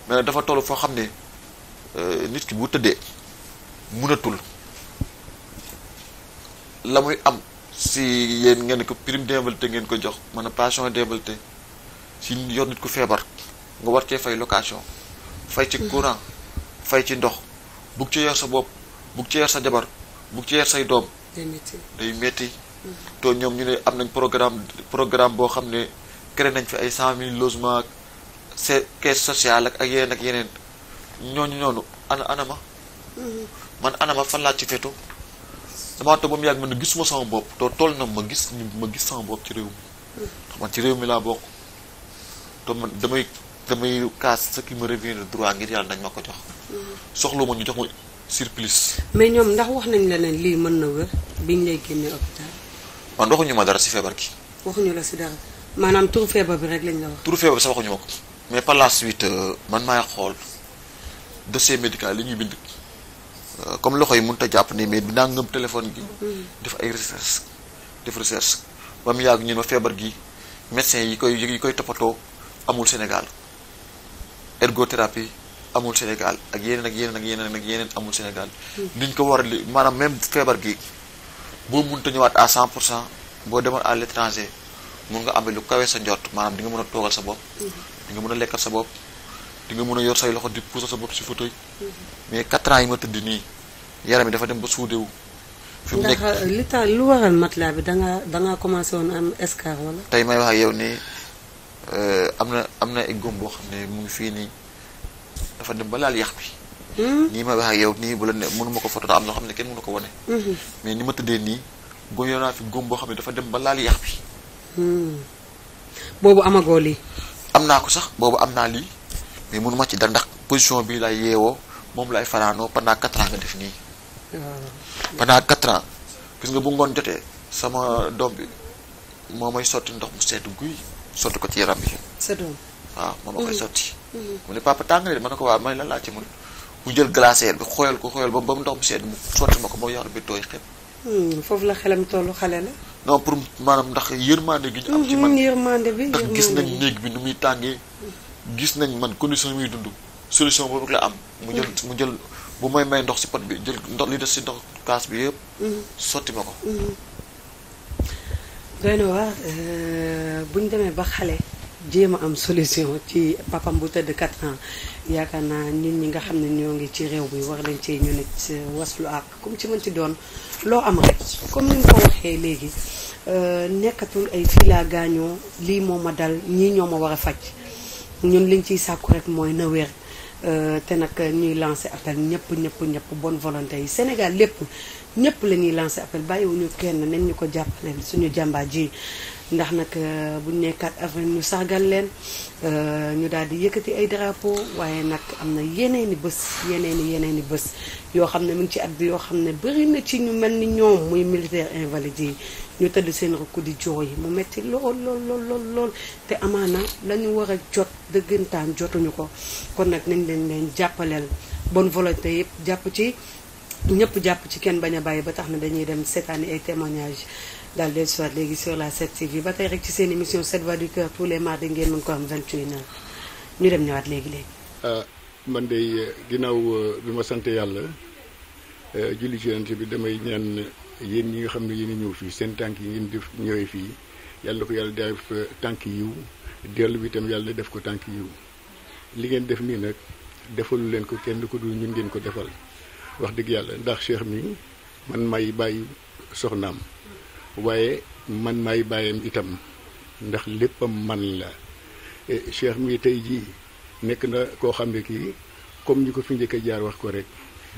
mais nag dafa toll foo xam ne euh, nit ki bu tëddee mënatul la muy am. si yéen ngeen ko prime d'invalidité ngeen ko jox mën a pension d'invalidité si yor nit ku feebar nga war cee fay location fay ci courant fay ci ndox bug ci yor sa bopp bug ci yor sa jabar bug ci yor say doom day metti mm-hmm. te ñoom ñu ne am nañ programme programme boo xam ne créé nañ fi ay cent mille logement ak c'est caisse sociale ak ak yeneen ak yeneen ñooñu noonu ana anama mm-hmm. man anama fan laa ci fetu damaa toog ba mu yàgg man na gisuma sama bopp te toll na ma gis ma gis sama bopp ci réew mi man ci réew mi laa bokk te man damay damay casse ce qui me revient de droit ngir yàlla nañ ma ko jox soxla ma ñu jox ma surplus mais ñoom ndax wax nañ la ne lii mën na wér biñ lay génnee hôpital man waxuñu ma dara si feebar ki waxuñu la si dara maanaam turu feebar bi rek lañ la wax turu feebar bi sax waxuñu ma ko mais par la suite euh, man maay xool dossier médical li ñuy bind comme loxo yi mënut ta jàpp nii mais dinaa ngëm téléphone gi def ay recherche def recherche ba yàgg ñun ma feebar gi médecin yi koy yi koy toppatoo amul Sénégal ergothérapie amul Sénégal ak yeneen ak yeneen ak yeneen ak yeneen amul Sénégal ni ko war a li maanaam même feebar gi boo mënut a ñëwaat à cent pour cent boo demoon à l' étranger mun nga amee lu kawee sa njot maanaam di nga mën a toogal sa bopp di mun a lekkal sa bopp di nga mën a yor say loxo di puusal sa bopp si fauteuil mm-hmm. mais 4 ans yi ma tëdd nii yaram yi dafa dem ba suudewu fi mu nekk ndax euh, li tax lu waral matelas bi da nga da nga commencé woon am escar wala. tey may wax ak yow nii euh, am na am na ay góom boo xam ne mu ngi fii nii dafa dem ba laal yax bi. Hmm? nii may wax ak yow nii bu la ne mënuma ko foto am loo xam ne kenn mënu ko wone hmm. mais ni ma tëddee nii góom yor fi góom boo xam ne dafa dem ba laal yàq bi. Hmm. boobu amagoo lii. am naa ko sax boobu am naa lii mais ci dara ndax position bi laay yeewoo moom laay fanaanoo pendant naa ans nga def nii. pendant quatre ans gis nga bu ngoon jotee sama doom bi moo may sotti ndox mu sedd guy sotti ko ci yaram bi. sa doom waaw moo ma koy mhm. sotti. Mhm. mu ne papa tàng na de ma ne ko waa may lan laa ci mu jël glacière bi xooyal ko xooyal ba mu ndox mu sedd mu sotti ma ko ba yaram bi hmm, foofu la xelam tollu xale la. non pour maanaam ndax yërmande gi ñu am ci man mhm, yërmande bi ndax gis nañ néeg bi nu muy tàngee gis nañ man condition yi muy dund solution boobu la am mu jël mu jël bu may may ndox si pot bi jël ndox li des si ndox kaas bi yëpp. Mhm. sotti ma ko. Mhm. doy euh, demee ba xale. jéem a am solution ci papam bu tëdd 4 ans yaakaar naa ñun ñi nga xam ne ñoo ngi ci réew mi war nañ euh, ci ñu nit lu ak comme ci man ci doon loo am rek comme ni nga ko waxee léegi euh, nekkatul ay fii gaañoo lii moo ma dal ñii ñoo ma war a faj ñun liñ ciy sàkku rek mooy na wér Euh, te nag ñuy lancer appel ñëpp ñëpp ñëpp bon volonté yi Sénégal lépp ñëpp la ñuy lancer appel bàyyiwuñu kenn neen ñu ko jàppale suñu jàmbaar ji ndax nag buñ ne 4 avril ñu sargal leen euh, ñu daal di yëkkati ay drapeau waaye nag am na yeneen yeneeni bés yeneen yeneeni bës yoo xam ne mu ngi ci at bi yoo xam ne bëri na ci ñu mel ni ñoom muy militaire invalide yi ñu tëdd seen rëkku di jooy mu metti lool lool lool te amaana la ñu war a jot dëggantaan jotuñu ko kon nag nañ leen leen jàppaleel bonne volonté yëpp jàpp ci ñëpp jàpp ci kenn bañ a bàyyi ba tax na dañuy dem seetaani ay témoignages daal de soit léegi sur la set tv ba tey rek ci seen émission 7 voix du cœur tous les mardis ngeen mën ko am 21h ñu dem ñëwaat léegi léegi. Ah, man de euh, ginnaaw euh, bi ma sant yàlla euh, julli ci yonent bi damay ñaan yéen ñi nga xam ne yéen a ñëw fii seen tànk yi ngeen def ñëwee fii yàlla ko yàlla def tànk yiw dellu bi tam yàlla def ko tànk yiw li ngeen def nii nag defalu leen ko kenn ko dul ñun ngeen ko defal wax dëgg yàlla ndax cheikh mi man may bàyyi soxnaam. waaye man may bàyyam itam ndax léppam man la eh, cheikh mi tey jii nekk na koo xam ne kii comme ñu ko fi njëkk jaar wax ko rek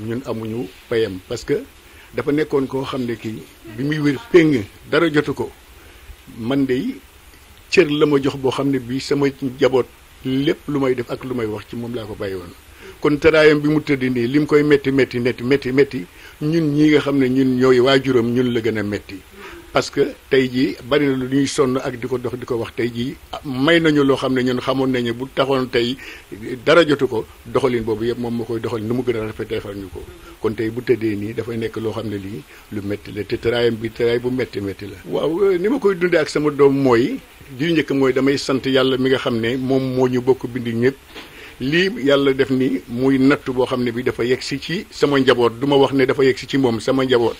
ñun amuñu payam parce que dafa nekkoon koo xam ne kii bi muy wér péng dara jotu ko man de cër la ma jox boo xam ne bii sama jaboot lépp lu may def ak lu may wax ci moom laa ko bàyyi woon kon tëraayam bi mu tëdd nii li mu koy métti métti métti métti métti ñun ñi nga xam ne ñun waa waajuram ñun la gën a métti parce que tey jii bari na lu ñuy sonn ak di ko dox di ko wax tey jii may nañu loo xam ne ñun xamoon nañu bu taxoon tey dara jotu ko doxalin boobu yëpp moom moo koy doxal nu mu gën a ñu ko kon tey bu nii dafay nekk loo xam ne lii lu métti la te tëraayam bi tëraay bu métti métti la. waaw euh, ni ma koy dundee ak sama doom mooy li njëkk mooy damay sant yàlla mi nga xam ne moom moo ñu bokk bindi ñëpp. lii yàlla def ni muy natt boo xam ne bi dafa yegg si ci sama njaboot du ma wax ne dafa yegg si ci moom sama njaboot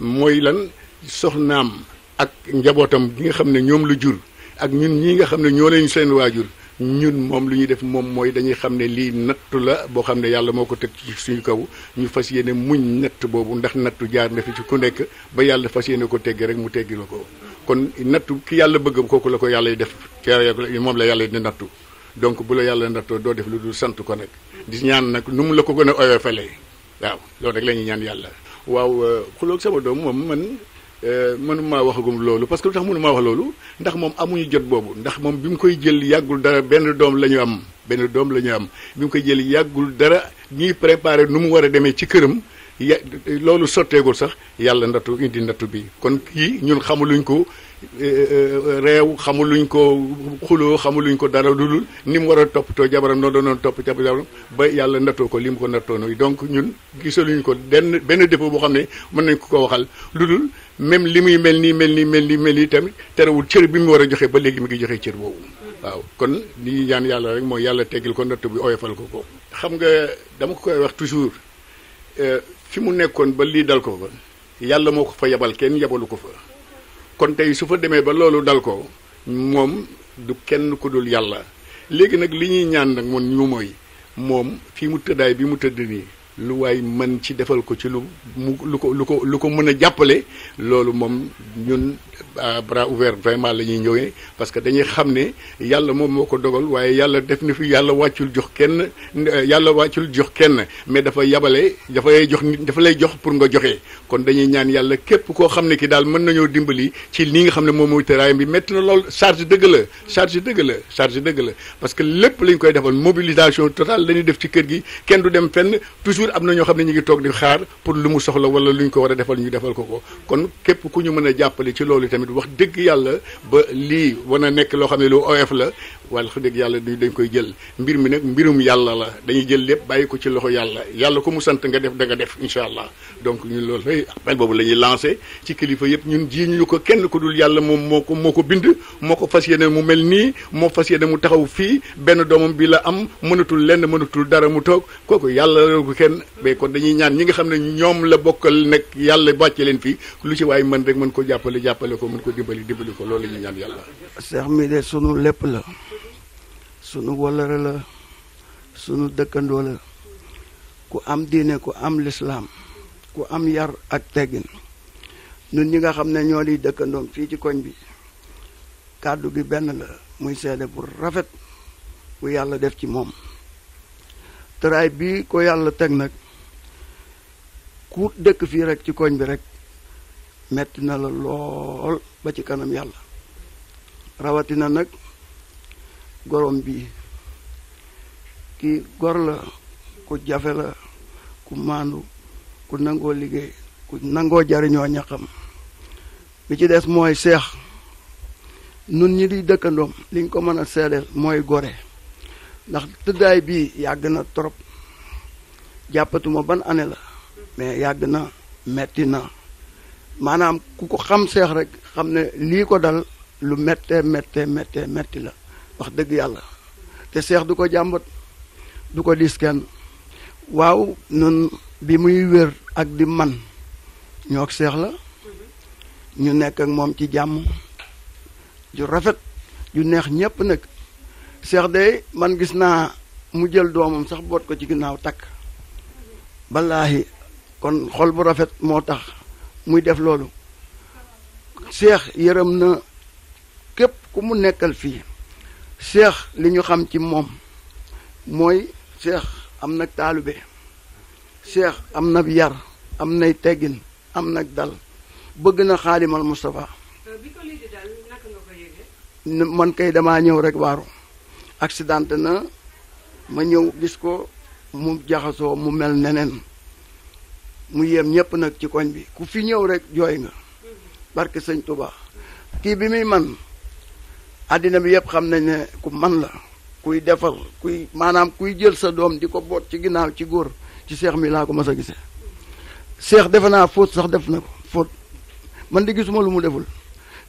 mooy lan. soxnaam ak njabootam bi nga xam ne ñoom la jur ak ñun ñi nga xam ne ñoo leen seen waajur ñun moom lu ñuy def moom mooy dañuy xam ne lii nattu la boo xam ne yàlla moo ko teg ci suñu kaw ñu fas yéene muñ natt boobu ndax nattu jaar na fi ci ku nekk ba yàlla fas yéene ko teggi rek mu teggi la ko kon nattu ki yàlla bëgg kooku la ko yàlla def ci moom la yàlla di nattu donc bu la yàlla nattoo doo def lu dul sant ko nag di ñaan nag nu mu la ko gën a oyofalee waaw loolu rek la ñaan yàlla waaw euh, xuloog sama doom moom man Euh, mënumaa waxagum loolu parce que lu tax mënumaa wax loolu ndax moom amuñu jot boobu ndax moom bi mu koy jël yàggul dara benn doom la ñu am benn doom la ñu am bi mu koy jël yàggul dara ñuy préparé nu mu war a demee ci këram ya loolu sotteegul sax yàlla ndatu indi ndatu bi kon kii ñun xamul xamuluñ ko Eh, eh, réew xamul luñ ko xuloo xamul luñ ko dara dulul ni mu war a toppatoo jabaram noonu doonoon topp jabaram ba yàlla nattoo ko li mu ko nattoo noonu donc ñun gisaluñ ko benn benn défaut boo xam ne mën nañ ko ko waxal lu dul même li muy mel nii mel nii mel nii mel nii tamit terewul cër bi mu war a joxe ba léegi mu ngi joxe cër boobu. waaw kon li ñuy ñaan yàlla rek mooy yàlla teggil ko natt bi oyofal ko ko. xam nga dama ko koy wax toujours eh, fi mu nekkoon ba lii dal ko fa yàlla moo ko fa yabal kenn yabalu ko fa. kon tey su fa demee ba loolu dal ko moom du kenn ku dul yàlla léegi nag li ñuy ñaan nag moom ñu mooy moom fii mu tëddaay bi mu tëdd nii lu waay mën ci defal ko ci lu mu lu ko lu ko lu ko mën a jàppale loolu moom ñun euh, bras ouvert vraiment la ñuy ñëwee parce que dañuy xam ne yàlla moom moo ko dogal waaye yàlla def na fi yàlla wàccul jox kenn yàlla wàccul jox kenn mais dafa yabale dafa lay jox nit dafa lay jox pour nga joxe kon dañuy ñaan yàlla képp koo xam ne ki daal mën nañoo dimbali ci li nga xam ne moom mooy tëraayam bi métti na lool charge dëgg la charge dëgg la charge dëgg la parce que lépp lañ koy defal mobilisation totale lañuy def ci kër gi toujours am na ñoo xam ne ñu ngi toog di xaar pour lu mu soxla wala lu ñu ko war a defal ñu defal ko ko kon képp ku ñu mën a jàppale ci loolu tamit wax dëgg yàlla ba lii war a nekk loo xam ne lu oyof la wala wax dëgg yàlla dañ koy jël mbir mi nag mbirum yàlla la dañuy jël lépp bàyyi ko ci loxo yàlla yàlla ku mu sant nga def da nga def incha allah donc ñun loolu lay appel boobu la ñuy lancé ci kilifa yëpp ñun jii ñu ko kenn ku dul yàlla moom moo ko moo ko bind moo ko fas yéene mu mel nii moo fas yéene mu taxaw fii benn doomam bi la am mënatul lenn mënatul dara mu toog kooku ñaan mais dañuy ñaan ñi nga xam ne ñoom la bokkal nag yàlla bàcce leen fii lu si waay mën rek mën ko jàppale jàppale ko mën ko dimbali dimbali ko loolu la ñuy ñaan yàlla seex mi de sunu lépp la sunu wolare la sunu dëkkandoo la ku am diine ku am lislaam ku am yar ak teggin ñun ñi nga xam ne ñoo di dëkkandoom fii ci koñ bi kàddu gi benn la muy seede bu rafet bu yàlla def ci moom tëraay bii ko yàlla teg nag ku dëkk fii rek ci koñ bi rek metti na la lool ba ci kanam yàlla rawatina nag gorom bii kii gor la ku jafe la ku maandu ku nangoo liggéey ku nangoo jariñoo ñaxam bi ci des mooy seex nun ñi di dëkkandoom liñ ko mën a seedeel mooy gore ndax tëddaay bi yàgg na trop jàppatuma ban année la mais yàgg na metti na maanaam ku ko xam seex rek xam ne lii ko dal lu méttee méttee metti la wax dëgg yàlla te seex du ko jàmbat du ko dis kenn waaw nun bi muy wér ak di man ñoog seex la ñu nekk moom ci jàmm ju rafet ju neex ñépp nag Cheikh de man gis naa mu jël doomam sax boot ko ci ginnaaw takk wallaahi kon xol bu rafet moo tax muy def loolu Cheikh yërëm na képp ku mu nekkal fii Cheikh li ñu xam ci moom mooy Cheikh am na taalibe Cheikh am na yar am nay teggin am nag dal bëgg na xaalimal Moustapha euh, man kay damaa ñëw rekk waaru accidenté na ma ñëw gis ko mu jaxasoo mu mel neneen mu yéem ñépp nag ci koñ bi ku fi ñëw rek jooy nga barke sañ Touba kii bi muy man àddina bi yépp xam nañ ne ku man la kuy defar kuy maanaam kuy jël sa doom di ko boot ci ginnaaw ci góor ci seex mi laa ko mas a gisee seex defe naa fóot sax def na ko fóot man di gisuma lu mu deful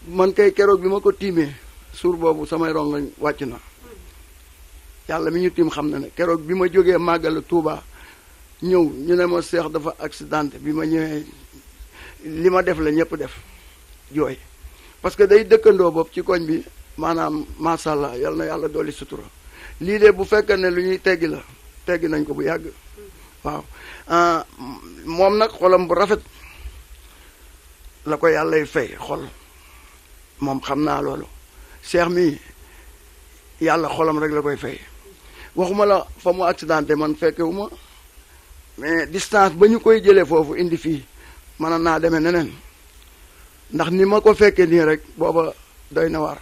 man kay keroog bi ma ko tiimee suur boobu samay rongañ wàcc na yàlla mi ñu tiim xam na ne keroog bi ma jógee màggal Touba ñëw ñu ne ma seex dafa accidenté bi ma ñëwee li ma def la ñëpp def jooy parce que day dëkkandoo boobu ci koñ bi maanaam macha allah yal na yàlla dolli sutura lii de bu fekkee ne lu ñuy teggi la teggi nañ ko bu yàgg waaw ah, moom nag xolam bu rafet la ko yàllay fay xol moom xam naa loolu seex mi yàlla xolam rek la koy fay. waxuma la fa mu accidenté man fekkewu ma mais distance ba ñu koy jëlee foofu indi fii mën naa demee neneen ndax ni ma ko fekkee nii rek booba doy na war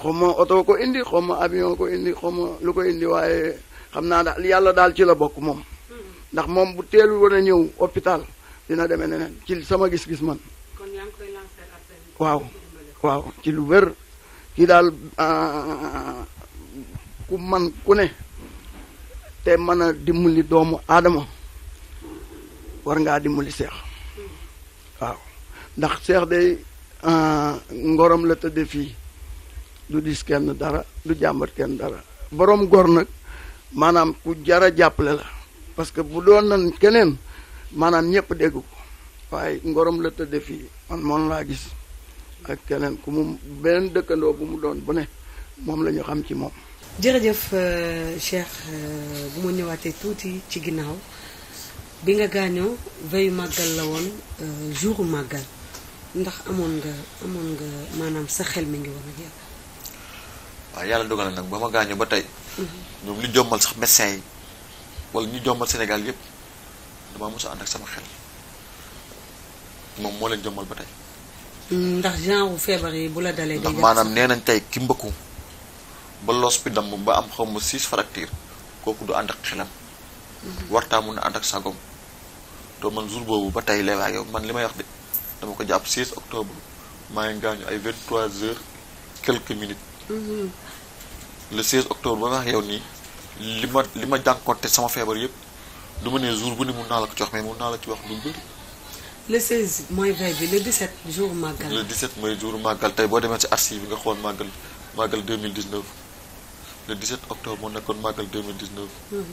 xawma oto ko indi ma avion ko indi ma lu ko indi waaye xam naa daal yàlla daal ci la bokk moom ndax moom bu teelu woon a ñëw hôpital dina deme neneen ci sama gis-gis man waaw waaw ci lu wér kii daal euh, ku man ku ne te mën a dimbali doomu aadama war ngaa dimbali seex waaw ndax seex day euh, ngorom la tëdde fii du dis kenn dara du jàmbat kenn dara boroom gor nag maanaam ku jara jàppale la parce que bu doon nan keneen maanaam ñëpp dégg ko waaye ngorom la tëdde fii man moom laa gis ak keneen ku mu beneen dëkkandoo bu mu doon bu ne moom lañu xam ci moom jërëjëf euh, Cheikh euh, bu ma ñëwaatee tuuti ci ginnaaw bi nga gaañoo veyu màggal la woon euh, jouru màggal ndax amoon nga amoon nga maanaam sa xel mi ngi woon ak yow. waaw yàlla dogal nag ba ma gaañoo ba tey. Mhm. ñoom li jommal sax médecin yi wala ñu jommal Sénégal yépp damaa mos a ànd ak sama xel moom moo leen jommal ba tey. ndax genre feebar yi bu la dalee. day maanaam nee nañ tey ki mbëkku. ba los bi damm ba am xaw ma six fracture kooku du ànd ak xelam. Mhm. wartaa mun na ànd ak sagom to man jour boobu ba tey lay wax man li may wax de dama ko jàpp 16 octobre maa ngi gaañu ay 23 heures quelques minutes. Mhm. le 16 octobre ba ma wax yow nii li ma li ma jànkoonte sama feebar yëpp du ma ne jour bu ne mun naa la ko jox mais mun naa la ci wax lu bëri. le 16 mooy veille bi le 17 jour màggal. le boo demee ci archive bi nga xool màggal màggal 2019. le 17 octobre moo nekkoon màggal 2019. Mm-hmm.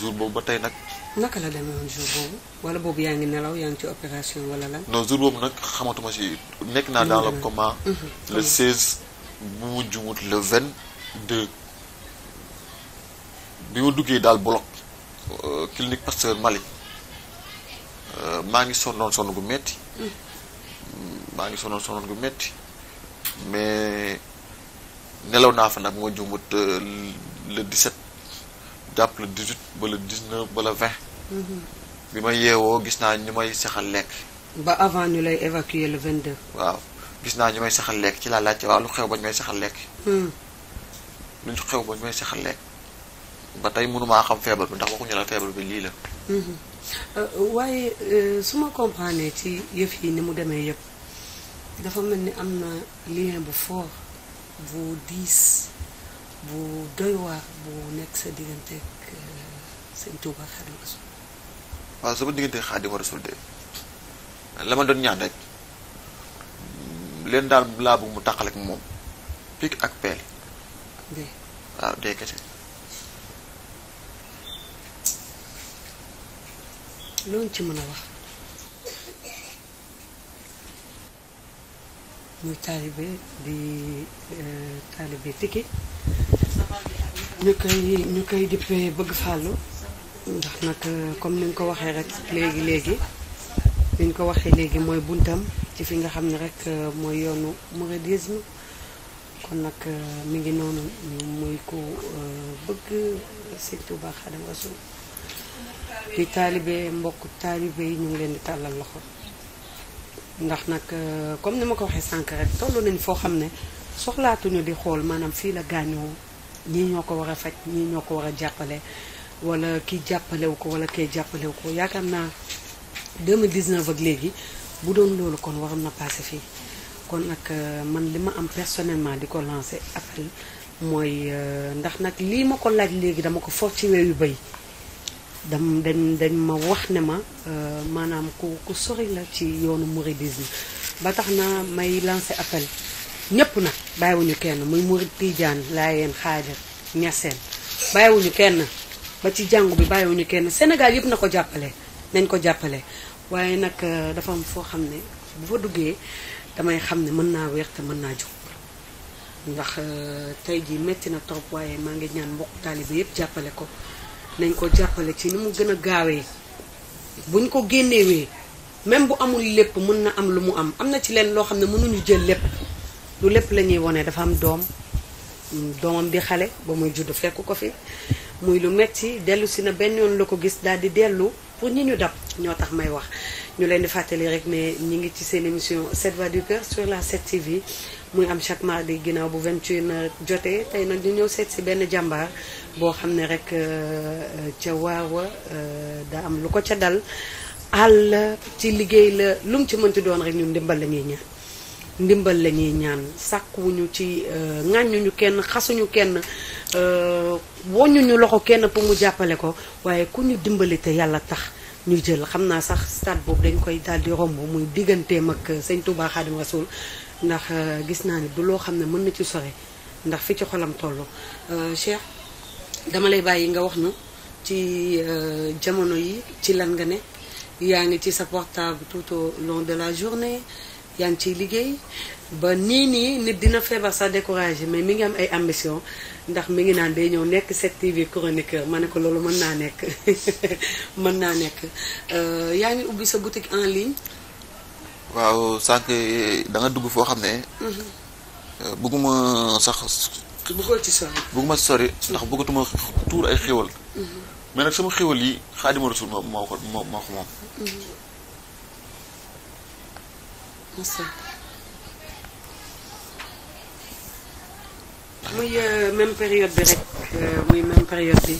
jour boobu ba tey nag. naka la demee woon jour boobu wala boobu yaa ngi nelaw yaa ngi ci opération wala lan. non jour boobu nag xamatuma si nekk naa dans le mm-hmm. coma. Mm-hmm. le 16 bu mu jumut le 22. bi ma duggee daal bloc euh, clinique Pasteur Malick euh, maa ngi sonnoon sonn gu metti mm. Mm, maa ngi sonnoon sonnoon gu metti mais. nelaw naa fa nag moo jumut euh, le 17 jàpp le 18 ba le 19 ba le 20. Mm-hmm. bi ma yeewoo gis naa ñu may saxal lekk. ba avant ñu lay évacuer le 22. waaw gis naa ñu may saxal lekk ci laa laajte waaw lu xew ba ñu may saxal lekk. Hmm. lu xew ba may saxal ba tey mënumaa xam feebar bi ndax waxuñu la feebar bi lii la. Hmm. Euh, waaye euh, su ma comprendre ci yëf yi ni mu demee yëpp dafa mel ni am na lien bu fort. bu diis bu doy bu nekk sa diggante ak euh, sëñ Tuuba Xaadimu Rasuul waaw sama diggante Xaadimu Rasuul de la ma doon ñaan rek leen daal laa bëgg mu tàqale moom pik ak peel waaw dee kese loolu ci mën a wax muy taalibe di eh, taalibe tiki ñu koy ñu koy dippee bëgg fàllu ndax nag eh, comme ni nga ko waxee rek léegi léegi ni ñu ko waxee léegi mooy buntam ci fi nga xam ne rek eh, mooy yoonu mouridisme kon nag mi ngi noonu muy ko bëgg sëñ Tuubaa Xaadimu Rasuul di taalibe mbokk taalibe yi ñu ngi leen di tàllal loxo ndax nag euh, comme ni ma ko waxee sànq rek toll nañ foo xam ne soxlaatuñu di xool maanaam fii la gaañoo ñii ñoo ko war a faj ñii ñoo ko war a jàppale wala kii jàppalewu ko wala kee jàppalewu ko yaakaar naa 2019 ak léegi bu doon loolu kon waroon na passé fii kon nag euh, man li ma am personnellement di ko lancé appel mooy euh, ndax nag lii ma ko laaj léegi dama ko for ci weeyu béy dam dañ dañ ma wax ne ma euh, maanaam ku ku sori la ci yoonu mouridisme ba tax na may lancé appel ñëpp nag bàyyiwuñu kenn muy murid laa laayeen xaajar ñaseen bàyyiwuñu kenn ba ci jàngu bi bàyyiwuñu kenn Sénégal yëpp na ko jàppale nañ ko jàppale waaye nag euh, dafa am foo xam ne bu fa duggee damay xam ne mën naa wér te mën naa jóg ndax euh, tey jii métti na trop waaye maa ngi ñaan mbokk taalibe yëpp jàppale ko nañ ko jàppale ci ni mu gën a gaawee buñ ko génnewee même bu amul lépp mën na am lu mu am am na ci leen loo xam ne mënuñu jël lépp lu lépp la ñuy wone dafa am doom mm, doomam di xale ba muy juddu fekk ko fi muy lu metti dellu si na benn yoon la ko gis daal di dellu pour ñi ñu dab ñoo tax may wax ñu leen di fàttali rek ne ñi ngi ci seen émission 7 voix du sur la 7 TV muy am chaque mardi ginaaw bu 21 na jotee tey nag ñu ñëw seet si benn jàmbaar boo xam ne rek euh, ca waawa euh, da am lu ko ca dal àll ci liggéey la lu mu ci doon rek ñun ndimbal lañuy ñuy ñaan ndimbal la ñuy ñaan sàkkuwuñu ci euh, ŋàññuñu kenn xasuñu kenn woññuñu loxo kenn pour mu jàppale ko waaye ku ñu dimbali te yàlla tax ñu jël xam naa sax stade boobu dañ koy daal di romb muy digganteem ak sëñ Touba Khadim Rasoul ndax euh, gis naa ni du loo xam ne mën na ci sore ndax fi ci xolam toll euh, Cheikh dama lay bàyyi nga wax nu ci euh, jamono yi ci lan nga ne yaa ngi ci sa portable tout au long de la journée yaa ngi ciy liggéey ba nii nii nit dina feebar sa découragé mais mi ngi am ay ambition ndax mi ngi naan day ñëw nekk 7TV chroniqueur ma ne ko loolu mën naa nekk mën naa nekk yaa ngi ubbi sa boutique en ligne waaw sànq eh, da nga dugg foo xam ne. Mhm. Euh, bëgguma sax. bëggoo ci sori. bëgguma ci sori ndax bëggatuma tuur ay xéwal. Mhm. mais nag sama xéwal yi Xaadimu Rasuul moo moo ko moo moo ko moom. Mhm. muy euh, même période bi rek euh, muy même période bi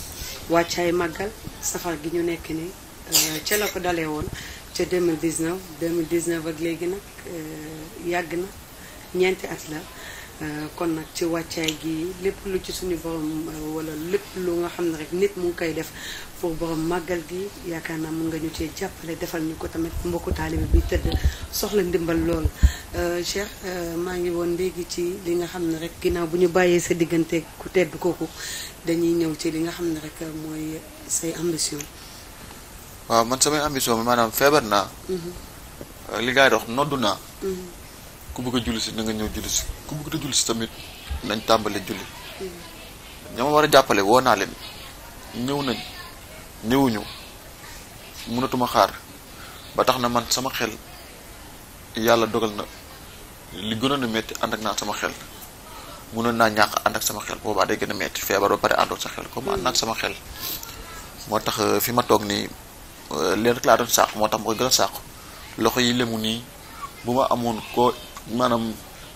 wàccaay màggal safar gi ñu nekk nii ca la ko dalee woon. ca 2019 2019 ak léegi nag euh, yàgg na ñeenti at la euh, kon nag ci wàccaay gi lépp lu ci suñu borom euh, wala lépp lu nga xam ne rek nit mu ngi koy def pour borom màggal gi yaakaar naa mun nga ñu cee jàppale defal ñu ko tamit mbokku taalibe bi tëdd soxla ndimbal lool. Cheikh maa ngi woon léegi ci li nga xam ne rek ginnaaw bu ñu bàyyee sa diggante ku tedd kooku dañuy ñëw ci li nga xam ne rek mooy say ambition. waaw man samay ambition bi maanaam feebar naa. Mhm. li gars yi wax noddu naa. Mhm. ku bëgg a julli si na nga ñëw julli si ku bëgg a julli si tamit nañ tàmbale julli. ñoom mhm. ma war a jàppale woo naa leen ñëw nañ ñëwuñu mënatuma xaar ba tax na man sama xel yàlla dogal na li gënoon a métti ànd ak naa sama xel. mënoon naa ñàkk ànd ak sama xel boobaa day gën a metti feebar ba pare àndoon sa xel comme ànd ak sama xel moo tax fi ma toog nii leen rek laa doon sàq moo tax ma koy gën a loxo yi lemu nii bu ma amoon ko maanaam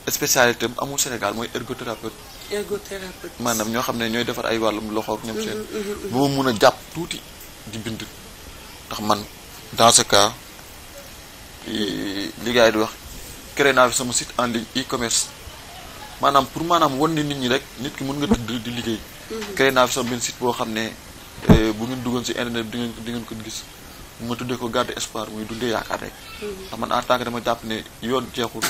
spécialité amul Sénégal mooy ergothérapeute. ergothérapeute maanaam ñoo xam ne ñooy defar ay wàllum loxook ak ñoom seen. Mm-hmm, mm-hmm, mm-hmm. bu ma mun a jàpp tuuti di bind. ndax man dans ce cas li di wax créé naa fi sama site en ligne e-commerce maanaam pour maanaam wan ni nit ñi rek nit ki mun nga tëdd di liggéey. créé naa fi sama benn site boo xam ne eh, bu ngeen duggoon si internet bi di ngeen di ma tuddee ko garde espoir muy dundee yaakaar rek ndax man en tant dama jàpp ne yoon jeexul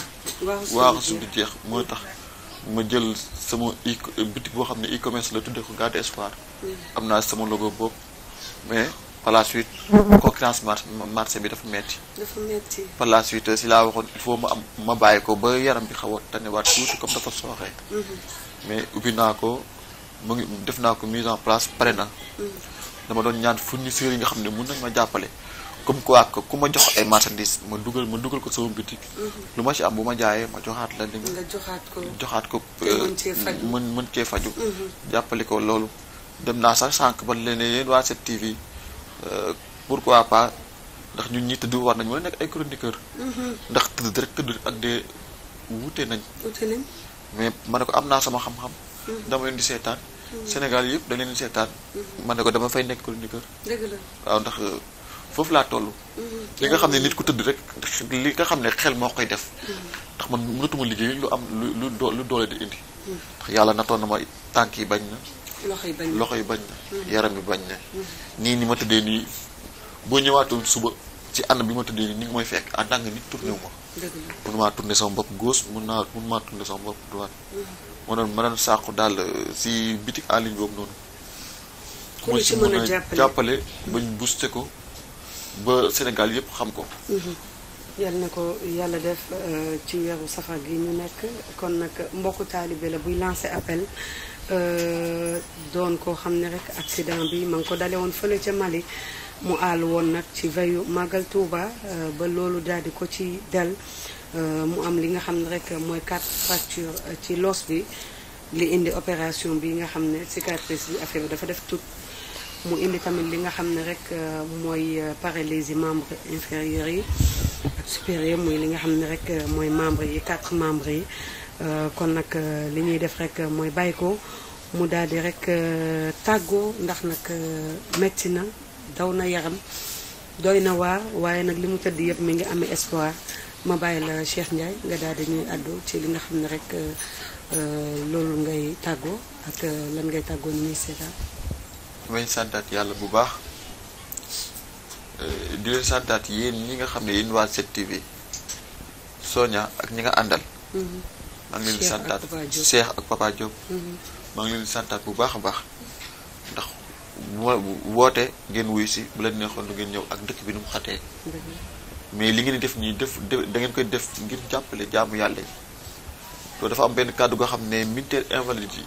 waaxu du jeex moo tax ma jël sama i boutique boo xam ne e-commerce la tuddee ko garde espoir hmm. am naa sama logo boob mais par la suite concurrence marché bi dafa metti dafa metti si laa waxoon il faut ma am ma bàyyi ko ba yaram bi xaw a tanewaat tuuti comme dafa sooxee hmm. mais ubbi naa ko mu ngi def naa ko mise en place pare na hmm. dama doon ñaan fournisseurs yi nga xam ne mun nañ ma jàppale comme quoi que ku ma jox ay marchandises ma dugal ma dugal ko sama boutique mhm. lu ma ci am bu ma jaayee ma joxaat la li nga joxaat ko euh, mën mën cee faju mhm. jàppale ko loolu dem naa sax sànq ba leen yéen waa 7TV euh, pourquoi pas ndax ñun ñi tëdd war nañ mën nekk ay chroniqueur mhm. ndax tëdd rek tëdd ak dee wuute nañ mais ma ne ko am naa sama xam-xam dama leen di seetaan Sénégal yëpp da leen seetaan. Mhm. man ne ko dama fay nekk chroniqueur. dëgg la waaw ndax euh, foofu laa toll. Mhm. li nga xam ne nit ku tëdd rek li nga xam ne xel moo koy def. Mhm. ndax man mënatuma liggéey lu am lu lu doole di indi. yàlla natoon na ma tànk yi bañ na. loxo yi loxo yi bañ yaram yi bañ na. nii ni ma tëddee nii boo ñëwaatoon suba ci ànd bi ma tëddee nii ni nga fekk en tant que nit mun maa tourné sama bopp gauche mun naa mun maa tourné sama bopp droite. ma doon ma doon sàqu daal si boutique en boobu noonu. ku ma si mën a jàppale ba ñu booster ko ba Sénégal yëpp xam ko. Mhm. yàlla na ko yàlla def euh, ci yaru safar gi ñu nekk kon nag mbokku taalibe la buy lancé appel euh, doon koo xam ne rek accident bi ma ngi ko dale woon fële ca Mali mu àll woon nag ci veyu Magal Touba euh, ba loolu daal ko ci dal Euh, mu am li nga xam ne rek mooy quatre fracture euh, ci los bi li indi opération bi nga xam ne cicatrice bi affaire bi dafa def tout mu indi tamit li nga xam ne rek euh, mooy paralysie membres inférieurs yi ak supérieur muy li nga xam ne rek mooy membre yi quatre membres yi kon nag li ñuy def rek mooy bàyyi mu daal di rek tàggoo ndax nag metti na daw na yaram doy na waar waaye nag li mu tëdd yëpp mi ngi amee espoir ma bàyyi la Cheikh Ndiaye nga daal di ñuy àddu ci li nga xam ne rek euh, loolu ngay tàggoo ak euh, lan ngay tàggoo ni ñuy seetaan. may santaat yàlla bu baax euh, di leen santaat yéen ñi nga xam ne yéen waa 7TV Sonia ak ñi nga àndal. Mm-hmm. Mm-hmm. maa ngi leen di santaat Cheikh ak Papa Diop. maa ngi leen di bu baax a baax ndax bu woote ngeen wuyu si bu leen neexoon du ngeen ñëw ak dëkk bi nu mu xatee. mais li ngeen di def nii def da ngeen koy def ngir jàppale jaamu yàlla yi loolu dafa am benn kàddu goo xam ne militaire invalide yi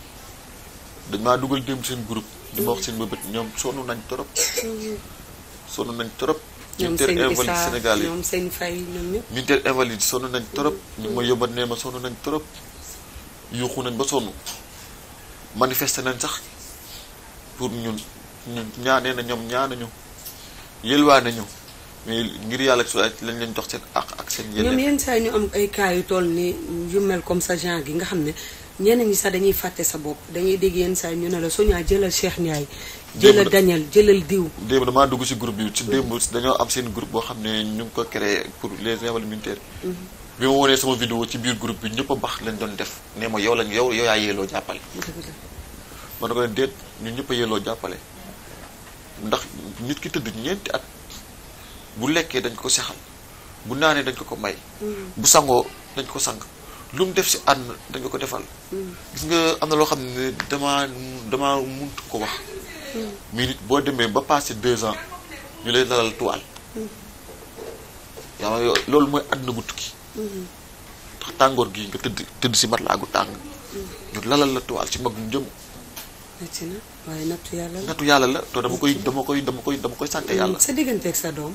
dañ maa dugal dem seen groupe di ma wax seen bëbët ñoom sonn nañ trop sonn nañ trop militaire invalide Sénégal yi militaire invalide sonn nañ trop ñu ma yóbbat ne ma sonn nañ trop yuuxu nañ ba sonn manifester nañ sax pour ñun ñun ñaanee na ñoom nañu yëlwaa nañu mais ngir yàlla su lañ leen jox seen ak ak seen yeneen ñoom yenn saa yi ñu am ay cas yu toll ni yu comme sa genre gi nga xam ne ñeneen ñi sax dañuy fàtte sa bopp dañuy dégg yenn saa yi ñu ne la soñaa jëlal Cheikh Ndiaye jëlal Daniel jëlal diw démb damaa dugg si groupe bi si démb dañoo am seen groupe boo xam ne ñu ngi ko créé pour les invalidés militaires mhm. bi ma wonee sama vidéo ci biir groupe bi ñëpp a baax leen doon def ne ma yow lañ yow yow yaa yelloo jàppale man na ko a yelloo jàppale ndax nit ki bu lekkee dañ ko sexal bu naanee dañ ko ko may mm. bu sangoo dañ ko sang lu mu def si àdduna dañ ko defal mm. gis nga am na loo xam ne damaa damaa muntu ko wax mm. mais boo demee ba passé deux ans ñu lay lalal tuwaal yaa ma loolu mooy àdduna gu tukki mm-hmm. ndax tàngoor gi nga tëdd tëdd si mat laa gu tàng ñu lalal la tuwaal si mag ñu jëm waaye nattu yàlla la nattu yàlla la te dama koy dama koy dama koy dama koy sant yàlla. sa digganteeg sa doom.